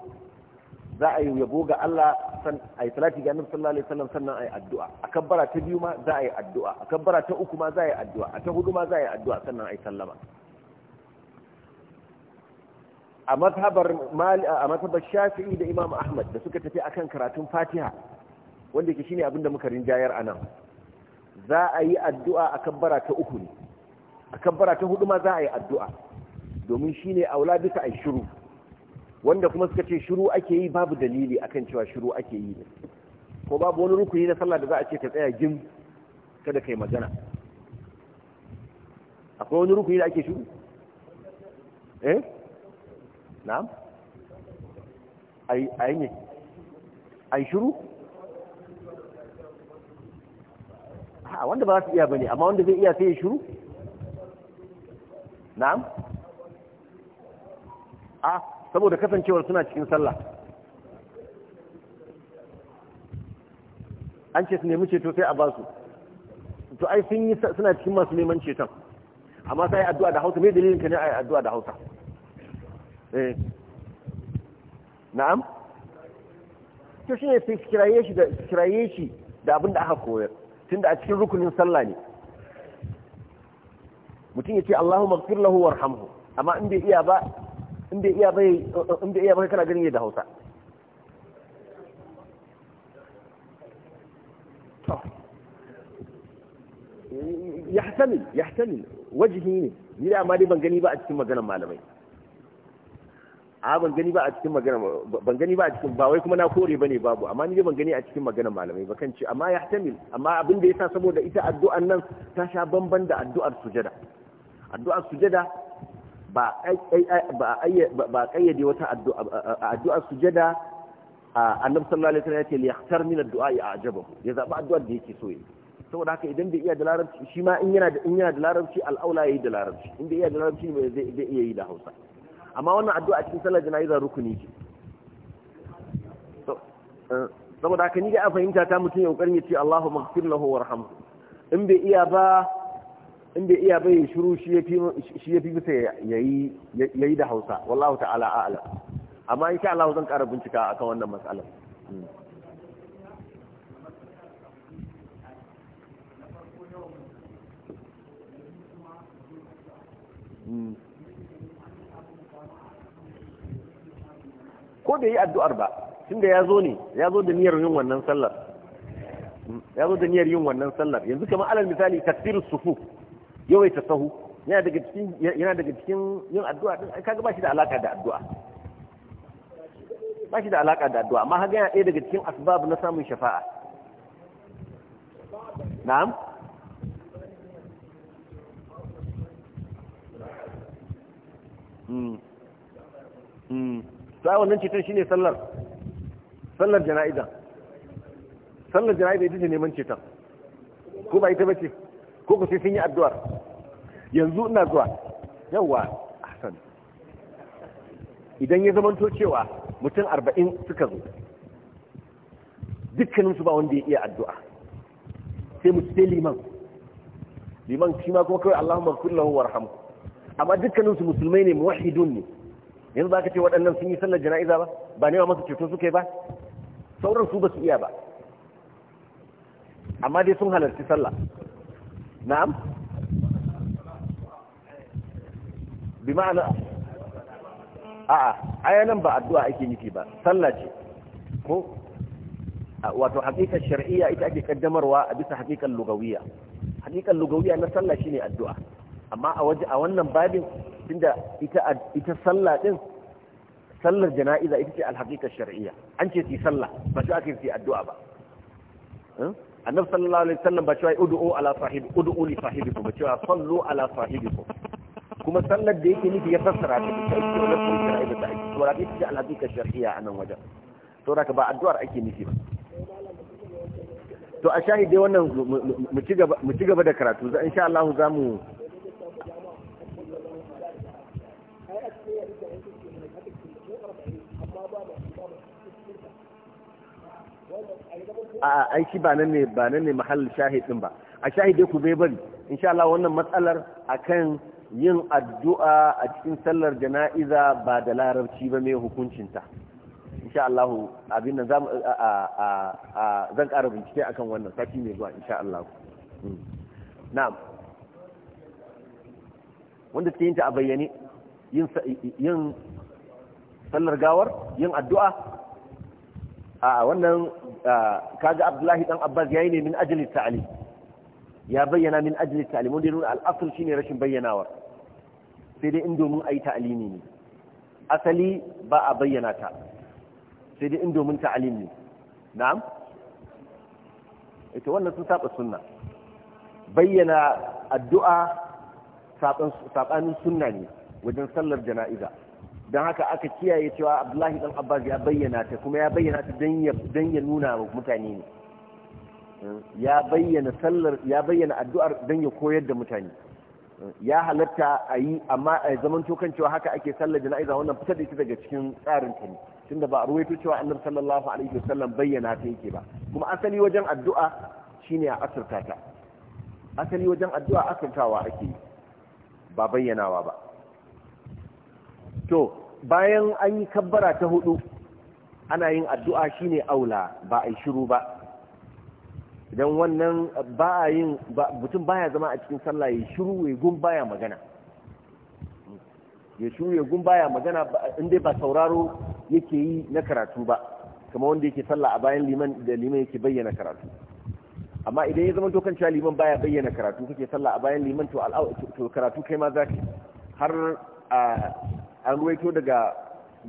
Speaker 1: za a yi yabo ga Allah san a yi salati ga annabi sallallahu alaihi wasallam sannan a yi addu'a a kabbara ta biyu ma za a yi addu'a a kabbara ta uku ma za a yi addu'a a ta hudu ma za a yi addu'a sannan a yi sallama a mazhabar a mazhabar Shafi'i da Imam Ahmad da suka tafi akan karatun Fatiha wanda yake shine abinda muka rinjayar anan za a yi addu'a a kabbara ta uku ne a kabbara ta hudu ma za a yi addu'a domin shine aula bisa ai shiru wanda kuma suka ce shiru ake yi babu dalili akan cewa shiru ake yi ne ko babu wani rukuni na sallah da za a ce ka tsaya jim kada kai magana akwai wani rukuni da ake shiru eh na'am ai ai ne ai shiru a wanda ba za su iya bane amma wanda zai iya sai ya shiru na'am a ah, saboda kasancewar suna cikin sallah an ce su nemi ceto sai a basu to ai sun yi suna cikin masu neman ceton amma sai addu'a da hausa mai dalilin ka ne yi addu'a da hausa eh. na'am to shine sai kiraye shi da kiraye shi da abin da aka koyar tunda a cikin rukunin sallah ne mutum ya ce Allahumma ighfir lahu warhamhu amma in bai iya ba in iya bai kana ganin da Hausa ya yahtamil wajihi ne ni da amma dai ban gani ba a cikin maganar malamai a ban gani ba a cikin magana ban gani ba a cikin ba wai kuma na kore ba ne babu amma ni ban gani a cikin magana malamai ba kan ce amma ya tamil amma abin da sa saboda ita addu'an nan ta sha bamban da addu'ar sujada addu'ar sujada ba a ƙayyade wata addu'ar sujada annabi sallallahu alaihi wasallam ya ce li yakhtar min addu'a ya ajabahu ya zaba addu'ar da yake so saboda haka idan bai iya da larabci shi ma in yana da in yana da larabci al'aula yayi da larabci in bai iya da larabci ne zai iya yi da Hausa amma wannan addu'a cikin sallar jana'iza rukuni ce eh, saboda haka ni a fahimta ta mutum ya kokarin ya ce Allahumma ighfir lahu warhamhu in bai iya ba in iya bai shiru shi ya fi bisa ya yi da hausa wallahu ta'ala a'ala amma sha Allah zan ƙara bincika akan wannan matsalar hmm. ko da yi addu'ar ba tunda ya zo ne ya zo da niyyar yin wannan sallar hmm. ya zo da niyyar yin wannan sallar yanzu kamar alal misali tafsirus sufuf yawaita sahu yana daga cikin yana daga cikin yin addu'a din kaga ba shi da alaka da addu'a ba shi da alaka da addu'a amma kaga yana ɗaya daga cikin asbab na samun shafa'a na'am sai hmm. hmm. wannan ceton shine sallar sallar jana'iza sallar jana'iza ita ce neman ceton ko ba ita bace ko ku sai sun yi addu'ar yanzu ina zuwa yawa Hassan idan ya zamanto cewa mutum arba'in suka zo dukkaninsu ba wanda ya iya addu'a sai mu sai liman liman shi ma kuma kawai Allahumma kullahu warham amma dukkaninsu musulmai ne muwahidun ne yanzu ba ka ce waɗannan sun yi sallar jana'iza ba ba ma masu ceto suka yi ba sauran su ba su iya ba amma dai sun halarci sallah na'am bi ma'ana a'a ayanan ba addu'a ake nufi ba sallah ce ko wato haƙiƙar shar'iyya ita ake kaddamarwa a bisa haƙiƙar lugawiya haƙiƙar lugawiya na sallah shine addu'a amma a waje a wannan babin tunda ita ita sallah din sallar jana'iza ita ce alhaƙiƙar shar'iyya an ce su sallah ba shi ake su addu'a ba annabi sallallahu alaihi wasallam ba cewa ud'u ala sahibi ud'u li sahibikum ba cewa sallu ala sahibikum kuma sallar da yake nufi ya fassara ta da aiki wala ko shari'a ita ta aiki to rabi ta al-haqiqa a nan wajen to raka ba addu'ar ake nufi ba to a shahidai wannan mu ci gaba da karatu za insha Allah za mu a aiki ba nan ne ba nan ne mahallin shahidin ba a shahidai ku bai bari insha Allah wannan matsalar akan yin addu'a a cikin sallar jana'iza ba da larabci ba mai hukuncinta insha Allah abin nan zan ƙara bincike akan wannan sati mai zuwa insha Allah hmm. na'am wanda suke yinta a bayyane yin sallar gawar yin addu'a a wannan kaga Abdullahi dan Abbas yi ne min ajli ta'ali ya bayyana min ajli ta'lim wanda nuna al'asr shine rashin bayyanawar sai dai in domin a yi ta'alimi ne asali ba a bayyana ta sai dai in domin ta'alim ne na'am ita wannan sun saba sunna bayyana addu'a saɓanin sunna ne wajen sallar jana'iza don haka aka kiyaye cewa abdullahi dan abbas ya bayyana ta kuma ya bayyana ta don ya nuna wa mutane ne ya bayyana ya bayyana addu'ar don ya koyar da mutane ya halatta a yi amma a zaman tokan cewa haka ake sallar jana'iza wannan fitar da ita daga cikin tsarin ta ne tunda ba a ruwaito cewa annab sallallahu alaihi wasallam bayyana ta yake ba kuma asali wajen addu'a shine a asirta ta asali wajen addu'a asirtawa ake yi ba bayyanawa ba to bayan an yi kabbara ta hudu ana yin addu'a shine aula ba a yi shiru ba idan wannan ba a yin mutum baya zama a cikin sallah ya shiru ya gun baya magana ya shiru ya gun baya magana inda ba sauraro yake yi na karatu ba kama wanda yake sallah a bayan liman da liman yake bayyana karatu amma idan ya zama dokan cewa liman baya bayyana karatu kake sallah a bayan liman to karatu kai ma za ka har an ruwaito daga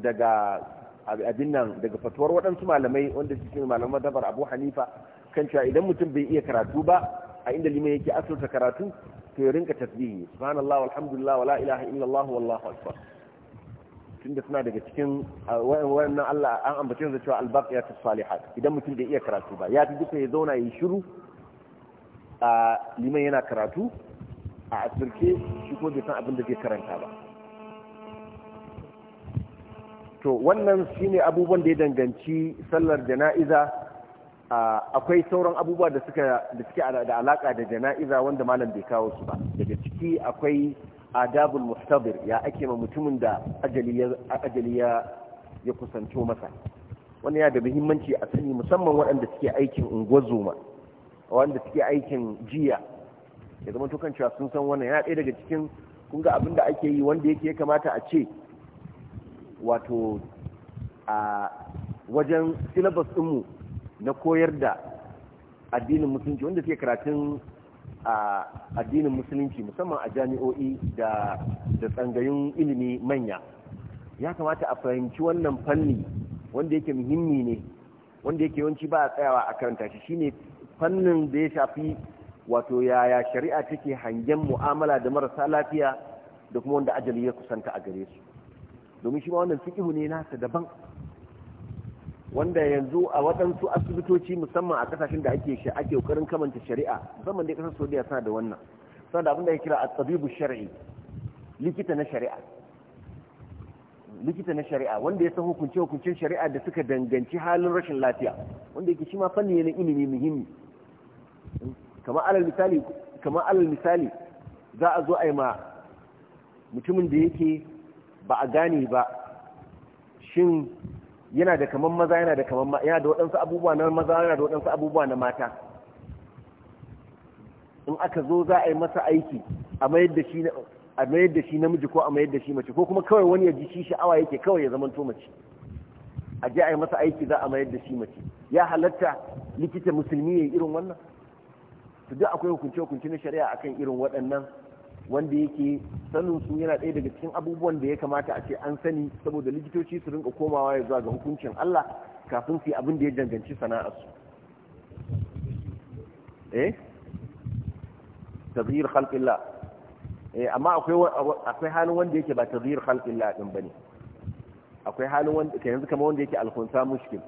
Speaker 1: daga abin nan daga fatuwar waɗansu malamai wanda suke malamar dabar abu hanifa kan cewa idan mutum bai iya karatu ba a inda liman yake asalta karatu to ya rinka tasbihi subhanallah walhamdulillah wala ilaha illallah wallahu akbar tunda suna daga cikin wannan Allah an ambace da cewa albaqiyatus salihat idan mutum bai iya karatu ba ya fi duka ya zauna yi shiru a liman yana karatu a asirke shi ko bai san abin da zai karanta ba to wannan shine abubuwan da ya danganci sallar jana'iza akwai sauran abubuwa da suka da suke da alaka da jana'iza wanda malam bai kawo su ba daga ciki akwai adabul muhtabir ya ake ma mutumin da ajali ya ajali ya ya kusanto masa wannan yana da muhimmanci a sani musamman waɗanda suke aikin ungozoma waɗanda suke aikin jiya ya zama to kan cewa sun san wannan yana ɗaya daga cikin kun ga abin da ake yi wanda yake ya kamata a ce wato a wajen syllabus ɗinmu na koyar da addinin musulunci wanda suke karatun a addinin musulunci musamman a jami'o'i da da tsangayin ilimi manya ya kamata a fahimci wannan fanni wanda yake muhimmi ne wanda yake yawanci ba a tsayawa a karanta shi shine fannin da ya shafi wato yaya shari'a take hangen mu'amala da marasa lafiya da kuma wanda ajali ya kusanta a gare su domin shi ma wannan fiqhu ne nasa daban wanda yanzu a waɗansu asibitoci musamman a ƙasashen da ake shi ake ƙoƙarin kamanta shari'a musamman dai kasar saudiya sana da wannan sana da abin da ya kira a tsabibu shari'i likita na shari'a likita na shari'a wanda ya san hukunce hukuncen shari'a da suka danganci halin rashin lafiya wanda yake shi ma fanni ne ilimi muhimmi kamar alal misali kamar alal misali za a zo a yi ma mutumin da yake ba a gane ba shin yana da kaman maza yana da kaman yana da waɗansu abubuwa na maza yana da waɗansu abubuwa na mata in aka zo za a yi masa aiki a mayar da shi namiji ko a mayar da shi mace ko kuma kawai wani ya ji shi sha'awa yake kawai ya zamanto mace a je a yi masa aiki za a mayar da shi mace ya halatta likita musulmi ya yi irin wannan su duk akwai hukunce hukunce na shari'a akan irin waɗannan wanda yake sanin su yana ɗaya daga cikin abubuwan da ya kamata a ce an sani saboda likitoci su rinka komawa ya zuwa ga hukuncin Allah kafin su yi abin da ya danganci su eh tazhir khalqillah eh amma akwai akwai halin wanda yake ba tazhir khalqillah din bane akwai halin wanda kai yanzu kamar wanda yake alkhunsa mushkil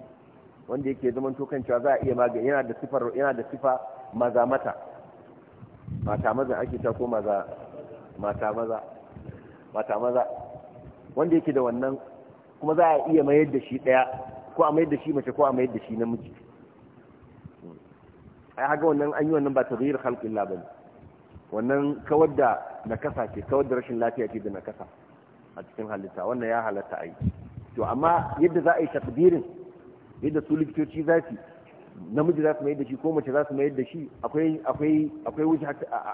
Speaker 1: wanda yake zaman to kan cewa za a iya magani yana da sifar yana da sifa maza mata mata maza ake ta ko maza mata maza mata maza wanda yake da wannan kuma za a iya mayar da shi daya ko a mayar da shi mace ko a mayar da shi namiji ai haka wannan an yi wannan ba taghyir khalqin la bane wannan kawar da nakasa ce kawar da rashin lafiya ce da nakasa a cikin halitta wannan ya halatta ai to amma yadda za a yi takdirin yadda su likitoci za su namiji za su mayar da shi ko mace za su mayar da shi akwai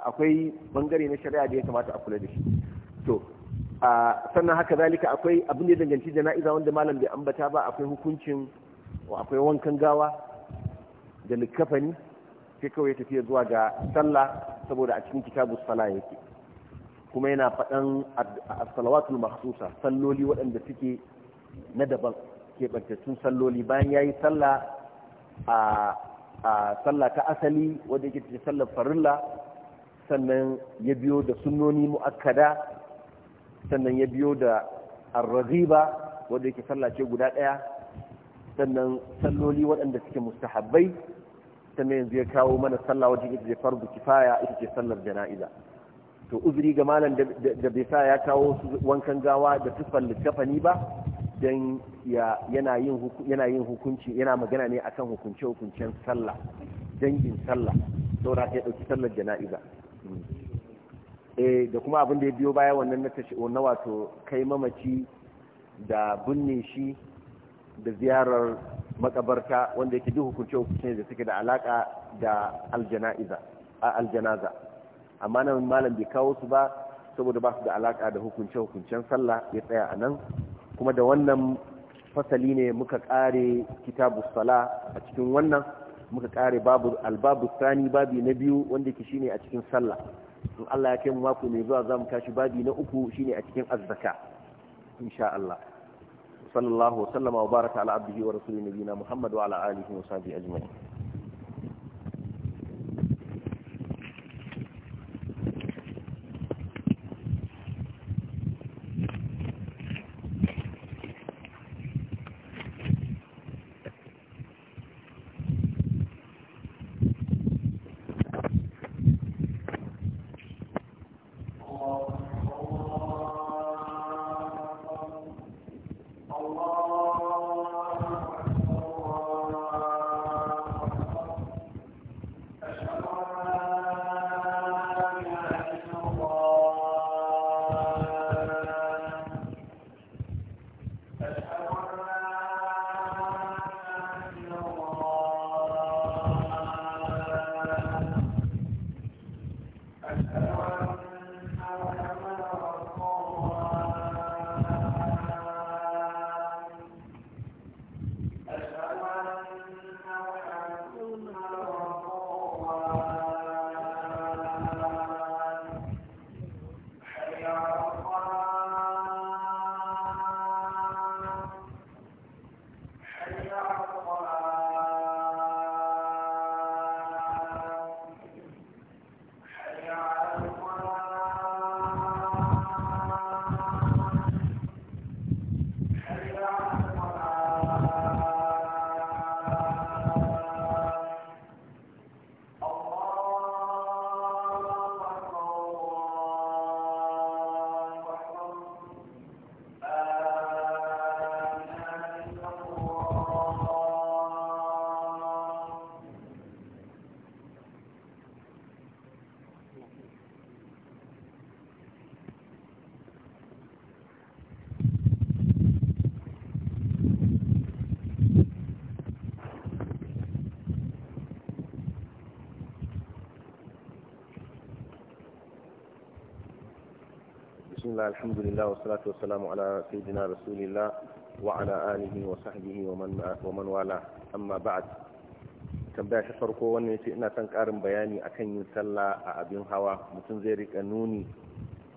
Speaker 1: akwai bangare na shari'a da ya kamata a kula da shi to sannan haka zalika akwai abin da danganci jana'iza wanda malam bai ambata ba akwai hukuncin akwai wankan gawa da likafani sai kawai tafiya zuwa ga sallah saboda a cikin kitabu sala yake kuma yana faɗan salawatul mahsusa salloli waɗanda suke na daban keɓantattun salloli bayan ya yi sallah a a sallah ta asali wadda yake cikin sallar farilla sannan ya biyo da sunnoni mu'akkada sannan ya biyo da arraziba wadda yake sallah ce guda ɗaya sannan salloli waɗanda suke mustahabbai sannan yanzu ya kawo mana sallah wadda yake cikin farbu kifaya ita ce sallar jana'iza to uzuri ga malam da bai sa ya kawo wankan gawa da tuffan littafani ba don yana yin hukunci yana magana ne akan hukunce hukuncen sallah dangin sallah saura ta ɗauki sallar jana'iza eh da kuma abin da ya biyo baya wannan na wato kai mamaci da binne shi da ziyarar makabarta wanda yake duk hukunce hukunce da suke da alaka da aljana'iza a aljanaza amma nan malam bai kawo su ba saboda ba su da alaka da hukunce hukuncen sallah ya tsaya a nan kuma da wannan fasali ne muka kare kitabu sala a cikin wannan muka kare babu albabu sani babi na biyu wanda ke shine a cikin sallah in Allah ya kai mu mako mai zuwa zamu tashi babi na uku shine a cikin azzaka insha Allah sallallahu wa sallama wa baraka ala abdihi wa rasulihi nabiyina Muhammad wa ala alihi wa sahbihi ajma'in بسم الله الحمد لله والصلاة والسلام على سيدنا رسول الله وعلى آله وصحبه ومن ومن والاه أما بعد tambaya ta farko wannan yace ina son karin bayani akan yin sallah a abin hawa mutum zai rika nuni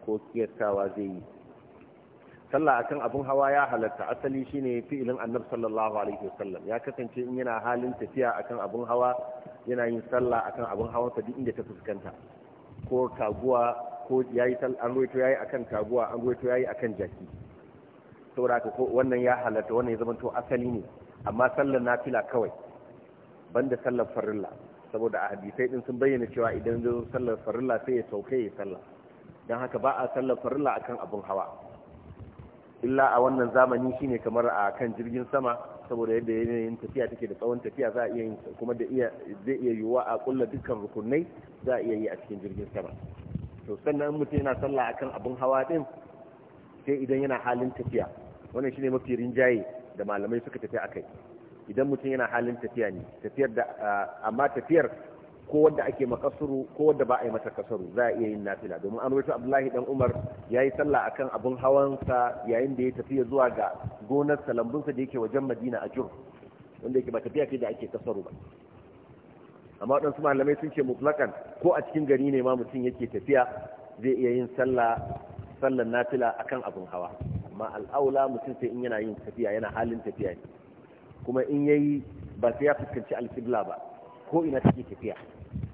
Speaker 1: ko kiyartawa zai yi sallah akan abin hawa ya halatta asali shine fi'ilin annabi sallallahu alaihi wasallam ya kasance in yana halin tafiya akan abin hawa yana yin sallah akan abin hawansa duk inda ta fuskanta ko kaguwa ko yi tal an yi a akan taguwa an yi a akan jaki saboda ka ko wannan ya halatta wannan ya zama to asali ne amma sallar nafila kawai banda sallar farilla saboda a hadisai din sun bayyana cewa idan zo sallar farilla sai ya sauke ya salla dan haka ba a sallar farilla akan abun hawa illa a wannan zamani shine kamar a kan jirgin sama saboda yadda yanayin tafiya take da tsawon tafiya za a iya kuma da iya zai iya yiwuwa a kulla dukkan rukunai za a iya yi a cikin jirgin sama to sannan mutum yana sallah akan abin hawa din sai idan yana halin tafiya wannan shine mafi rinjaye da malamai suka tafi akai idan mutum yana halin tafiya ne tafiyar da amma tafiyar ko wanda ake makasuru ko wanda ba a yi masa kasaru za a iya yin nafila domin an wato Abdullahi dan Umar ya yi sallah akan abin hawansa yayin da ya tafiya zuwa ga gonar salambunsa lambunsa da yake wajen Madina a Jur wanda yake ba tafiya kai da ake kasaru ba amma waɗansu malamai sun ce mutlaƙan ko a cikin gari ne ma mutum yake tafiya zai iya yin sallah sallan nafila akan abin hawa amma al'aula mutum sai in yana yin tafiya yana halin tafiya ne kuma in yayi ba sai ya fuskanci alƙibla ba ko ina take tafiya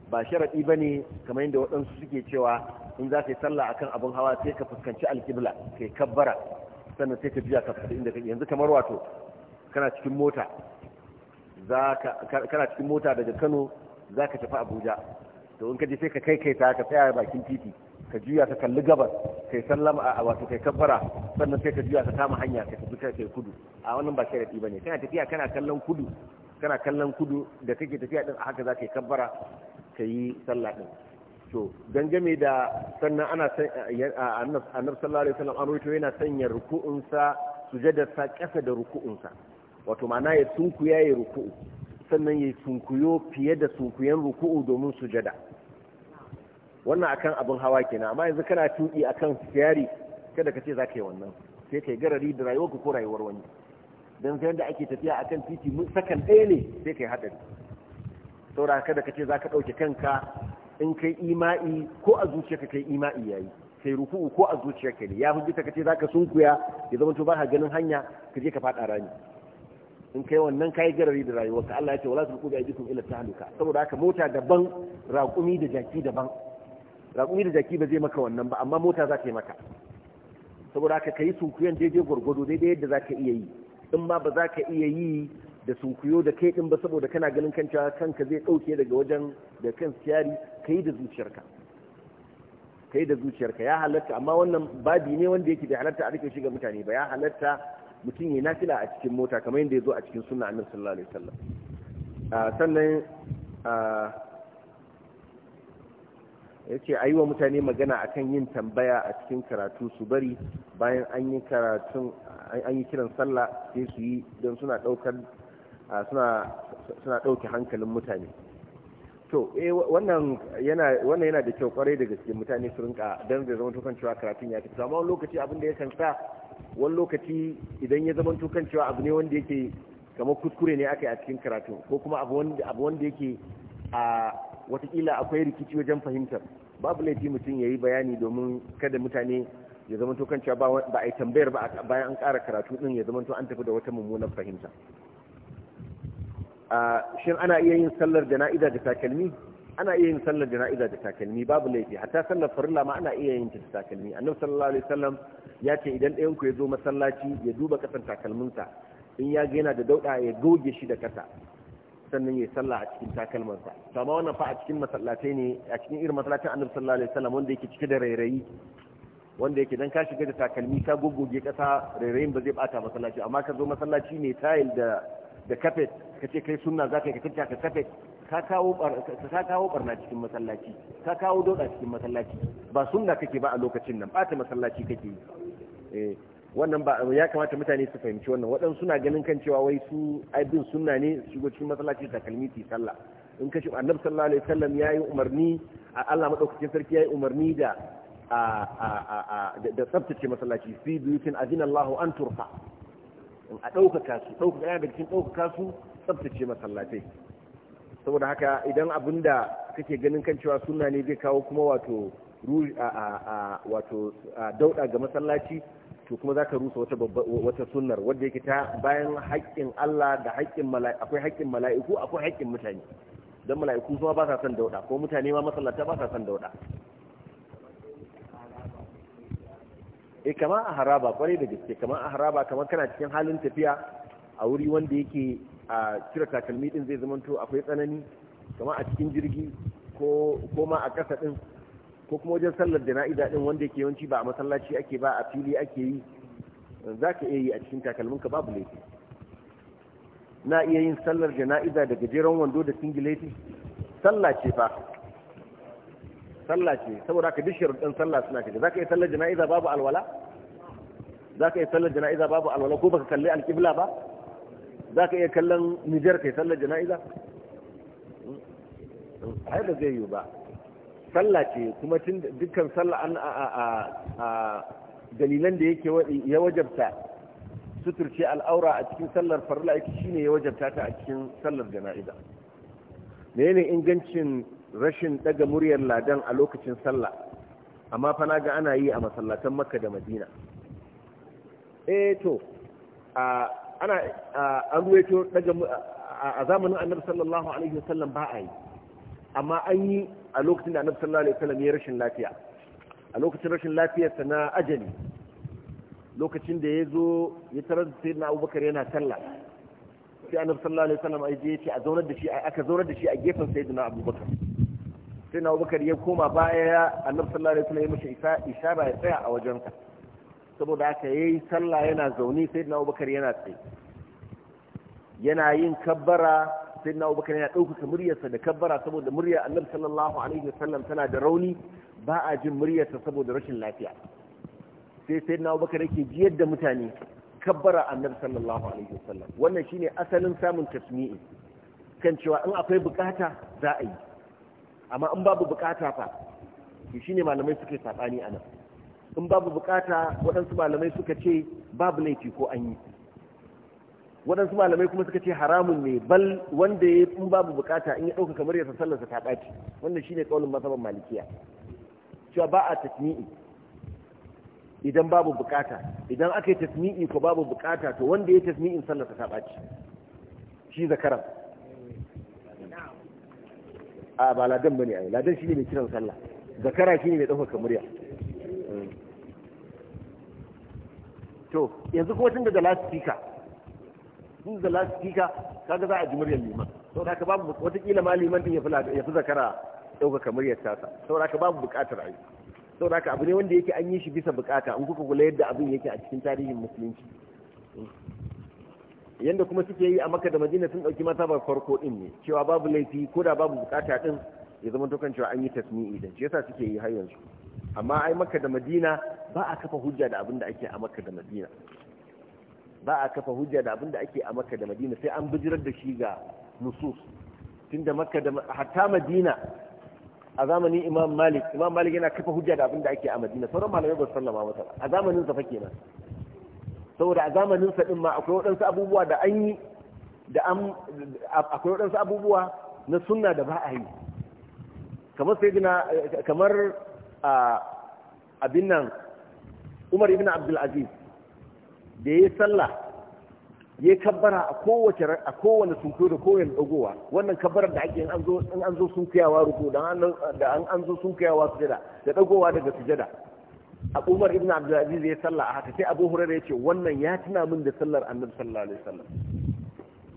Speaker 1: ba sharaɗi ba ne kamar yadda waɗansu suke cewa in za ka yi sallah akan abin hawa sai ka fuskanci alƙibla ka yi kabbara sannan sai ka biya ka fita inda kake yanzu kamar wato kana cikin mota za ka kana cikin mota daga Kano za ka tafi abuja to in ka je sai ka kai kai ta ka tsaya bakin titi ka juya ka kalli gabas kai sallama a wato kai kabbara sannan sai ka juya ka kama hanya ka tafi kai kudu a wannan ba sharadi bane kana tafiya kana kallon kudu kana kallon kudu da kake tafiya din a haka za ka yi kabbara ka yi sallah din to dangane da sannan ana annab sallallahu alaihi wasallam an rawaito yana sanya ruku'unsa sujadarsa kasa da ruku'unsa wato ma'ana ya tunku ya ruku'u sannan ya sunkuyo fiye da sunkuyen ruku'u domin sujada wannan akan abin hawa kenan amma yanzu kana tuki akan siyari kada ka ce za ka yi wannan sai ka yi garari da rayuwarka ko rayuwar wani don sai da ake tafiya akan titi mun sakan ɗaya ne sai ka yi haɗari saura kada ka ce za ka ɗauke kanka in kai ima'i ko a zuciyarka kai ima'i yayi sai ruku'u ko a zuciyarka ne ya hujjita ka ce za ka sunkuya ya zama to ba ka ganin hanya ka je ka faɗa rami in kai wannan kai garari da rayuwarka Allah ya ce wala tulqu bi ajikum ila tahluka saboda haka mota daban raƙumi da jaki daban raƙumi da jaki ba zai maka wannan ba amma mota za ta yi maka saboda haka kai sunkuyan daidai gwargwado daidai yadda za ka iya yi in ma ba za ka iya yi da sunkuyo da kai din ba saboda kana ganin kanka kanka zai ɗauke daga wajen da kan siyari kai da zuciyarka kai da zuciyarka ya halatta amma wannan babi ne wanda yake bai halatta a rike shi ga mutane ba ya halatta mutum ya nafila a cikin mota kamar yadda ya zo a cikin suna annabi sallallahu alaihi sannan ya ce a yi wa mutane magana a kan yin tambaya a cikin karatu su bari bayan an yi karatun an yi kiran sallah sai su yi don suna ɗaukar ɗauke hankalin mutane to eh wannan yana da kyau kwarai da gaske mutane su rinka dan zai zama tukan cewa karatun ya fi amma wani lokaci abin da ya kan sa wani lokaci idan ya zama tukan cewa abu ne wanda yake kamar kuskure ne aka yi a cikin karatu ko kuma abu wanda yake a watakila akwai rikici wajen fahimtar babu laifi mutum ya yi bayani domin kada mutane ya zama to cewa ba a yi tambayar ba bayan an kara karatu ɗin ya zama to an tafi da wata mummunar fahimta shin ana iya yin sallar jana'iza da takalmi ana iya yin sallar jana'iza da takalmi babu laifi hatta sallar farilla ma ana iya yin ta da takalmi annabi sallallahu alaihi wasallam ya ce idan ɗayan ku ya zo masallaci ya duba kasan takalminsa in ya ga yana da dauda ya goge shi da kasa sannan ya salla a cikin takalmansa amma wannan fa a cikin masallatai ne a cikin irin masallacin annabi sallallahu alaihi wasallam wanda yake cike da rairayi wanda yake dan ka shiga da takalmi ka goggoge kasa rairayin ba zai bata masallaci amma ka zo masallaci ne tayil da da kafet ka ce kai sunna za ka yi ka ka kafet ka kawo barna cikin masallaci ka kawo doka cikin masallaci ba sunna kake ba a lokacin nan ba ta masallaci kake yi eh, wannan ba ya kamata mutane su fahimci wannan waɗansu suna ganin kan cewa wai su ai bin sunna ne su shigo cikin masallaci da kalmi su sallah in ka shi annabi sallallahu alaihi wasallam yayi umarni Allah madaukakin sarki yi umarni da da tsabtace masallaci fi buyutin azina Allahu an turfa a ɗaukaka su ɗaukaka yana daga cikin ɗaukaka su tsabtace masallatai saboda haka idan abin da kake ganin kan cewa sunna ne zai kawo kuma wato wato dauɗa ga masallaci to kuma za ka rusa wata wata sunnar wadda yake ta bayan haƙƙin Allah da haƙƙin mala'iku akwai haƙƙin mala'iku akwai haƙƙin mutane don mala'iku kuma ba sa son dauɗa ko mutane ma masallata ba sa son dauɗa e kama a haraba kwarai da gaske kama a haraba kamar kana cikin halin tafiya a wuri wanda yake a cire takalmi din zai to akwai tsanani kama a cikin jirgi ko ko ma a ƙasa din ko kuma wajen sallar jana'iza din wanda yake yawanci ba a masallaci ake ba a fili ake yi za ka iya yi a cikin takalmin ka babu laifi na iya yin sallar jana'iza da gajeren wando da singileti sallah ce fa sallah ce saboda ka dishiyar ɗan sallah suna kace zaka yi sallar jana'iza babu alwala zaka yi sallar jana'iza babu alwala ko baka kalli alƙibla ba zaka iya kallon Nijar kai sallar jana'iza ai ba zai yi ba sallah ce kuma tun dukkan sallah an a dalilan da yake ya wajabta suturce al'aura a cikin sallar farla yake shine ya wajabta ta a cikin sallar jana'iza menene ingancin rashin daga muryar ladan a lokacin sallah amma fa naga ana yi a masallatan makka da madina eh to a ana an ruwaito daga a zamanin annabi sallallahu alaihi wasallam ba a yi amma an yi a lokacin da annabi sallallahu alaihi wasallam ya rashin lafiya a lokacin rashin lafiyarsa na ajali lokacin da ya zo ya tarar da sayyidina abubakar yana sallah sai annabi sallallahu alaihi wasallam ai je ya ce a zaunar da shi aka zaunar da shi a gefen sayyidina abubakar sai na abubakar ya koma baya ya annabi sallallahu alaihi wasallam ya mishi ba ya tsaya a wajensa saboda haka yi sallah yana zaune sai na abubakar yana tsaye yana yin kabbara sai na abubakar yana ɗaukaka muryarsa da kabbara saboda muryar annabi sallallahu alaihi wasallam tana da rauni ba a jin muryarsa saboda rashin lafiya sai sai na abubakar yake jiyar da mutane kabbara annabi sallallahu alaihi wasallam wannan shine asalin samun tasmi'i kan cewa in akwai bukata za a yi amma in babu bukata fa shi shine malamai suke sabani nan in babu bukata waɗansu malamai suka ce babu laifi ko an yi waɗansu malamai kuma suka ce haramun ne bal wanda ya in babu bukata in ya ɗauka kamar ya sallarsa ta ɓaci wannan shine kaulin mazhaban malikiya cewa ba a tasmi'i idan babu bukata idan aka yi tasmi'i ko babu bukata to wanda ya tasmi'in sallarsa ta ɓaci shi zakaran a ba ladan bane ai ladan shine mai kiran sallah zakara shine mai dauka murya to yanzu kuma tun da last speaker tun da last speaker kaga za a ji muryar liman da ka babu watakila ma liman din ya fi zakara ɗaukaka muryar tasa da ka babu buƙatar ai da ka abu ne wanda yake an yi shi bisa buƙata in kuka kula yadda abin yake a cikin tarihin musulunci yanda kuma suke yi a maka da madina sun ɗauki matabar farko din ne cewa babu laifi ko da babu bukata din ya zama tokan cewa an yi tasmi'i da shi yasa suke yi har yanzu amma ai maka da madina ba a kafa hujja da abin da ake a maka da madina ba a kafa hujja da abin da ake a maka da madina sai an bijirar da shi ga nusus tunda maka da hatta madina a zamanin imam malik imam malik yana kafa hujja da abin da ake a madina sauran malamai ba su sallama masa a zamanin sa fa kenan saboda a zamanin sa din ma akwai waɗansu abubuwa da an yi da an akwai waɗansu abubuwa na sunna da ba a yi kamar sai gina kamar abin nan Umar ibn Abdul Aziz da yayi sallah ya kabbara a kowace a kowane sunkuyo da kowane dagowa wannan kabbarar da ake an zo an zo sunkuyawa ruku da an da an zo sunkuyawa sujada da dagowa daga sujada umar ibn abdulaziz ya salla a haka sai abu Huraira ya ce wannan ya tuna min da sallar annabi sallallahu alaihi wasallam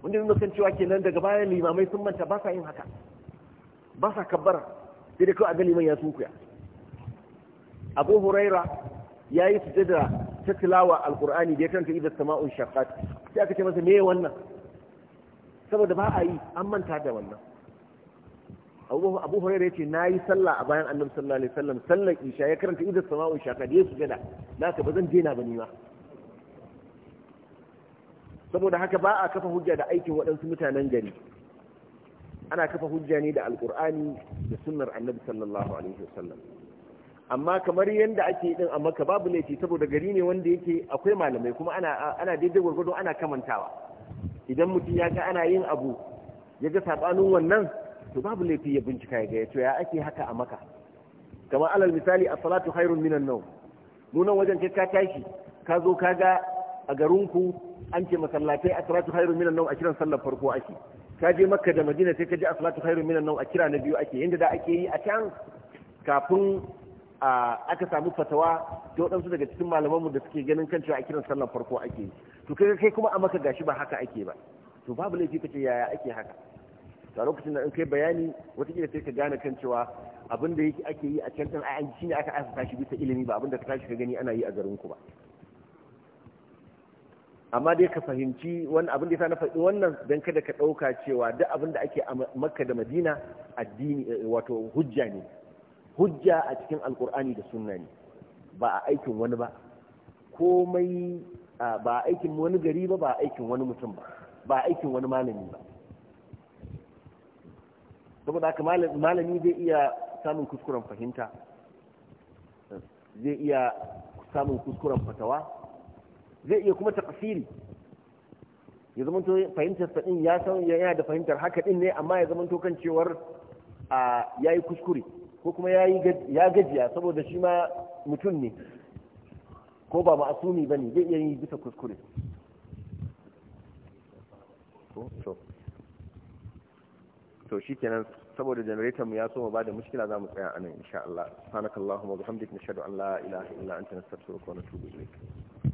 Speaker 1: wanda nuna kan cewa kenan daga bayan limamai sun manta ba sa yin haka ba sa kabbara sai da kawai a ga liman ya sunkuya abu huraira ya yi sujada ta tilawa alkur'ani da ya kanta idan sama'un shaqqat sai aka ce masa me wannan saboda ba a yi an manta da wannan abu hurairah yace nayi sallah a bayan annabi sallallahu alaihi wasallam sallar isha ya karanta idan sama'u ya yesu gada naka bazan dena bane ba saboda haka ba a kafa hujja da aikin waɗansu mutanen gari ana kafa hujja ne da alkur'ani da sunnar annabi sallallahu alaihi wasallam amma kamar yadda ake yi din a makka babu laifi saboda gari ne wanda yake akwai malamai kuma ana ana daidai gwargwado ana kamantawa idan mutum ya ga ana yin abu ya ga sabanin wannan to babu laifi ya bincika ya gaya to ya ake haka a maka kamar alal misali a salatu hairun minan nau nunan wajen ka ka tashi ka zo ka ga a garinku an ce masallatai a salatu hairun minan nau a kiran sallar farko ake ka je maka da madina sai ka ji a salatu hairun minan nau a kira na biyu ake yadda da ake yi a can kafin aka samu fatawa dan su daga cikin malamanmu da suke ganin kan cewa a kiran sallar farko ake yi to kai kuma a maka gashi ba haka ake ba to babu laifi kace yaya ake haka a lokacin da in kai bayani watakila sai ka gane kan cewa abin da ake yi a can ɗin an shi ne aka aka shi bisa ilimi ba abin da ka tashi ka gani ana yi a garin ku ba amma dai ka fahimci wani abin da ya na faɗi wannan don kada ka ɗauka cewa duk abin da ake a makka da madina addini eh, wato hujja ne hujja a cikin alkur'ani da sunna ne ba a aikin wani ba komai ba a aikin wani gari ba ba a aikin wani mutum ba ba a aikin wani malami ba saboda haka malami zai iya samun kuskuren fahimta zai iya samun kuskuren fatawa zai iya kuma tafsiri ya zama to fahimtar sa din ya san yana da fahimtar haka din ne amma ya zama to kan cewar a yayi kuskure ko kuma yayi ya gajiya saboda shi ma mutum ne ko ba ma'asumi bane zai iya yi bisa kuskure to to shikenan saboda generator mu ya so mu da mushkila zamu tsaya anan insha Allah subhanakallahumma wa bihamdika nashhadu an la ilaha illa anta nastaghfiruka wa natubu ilayk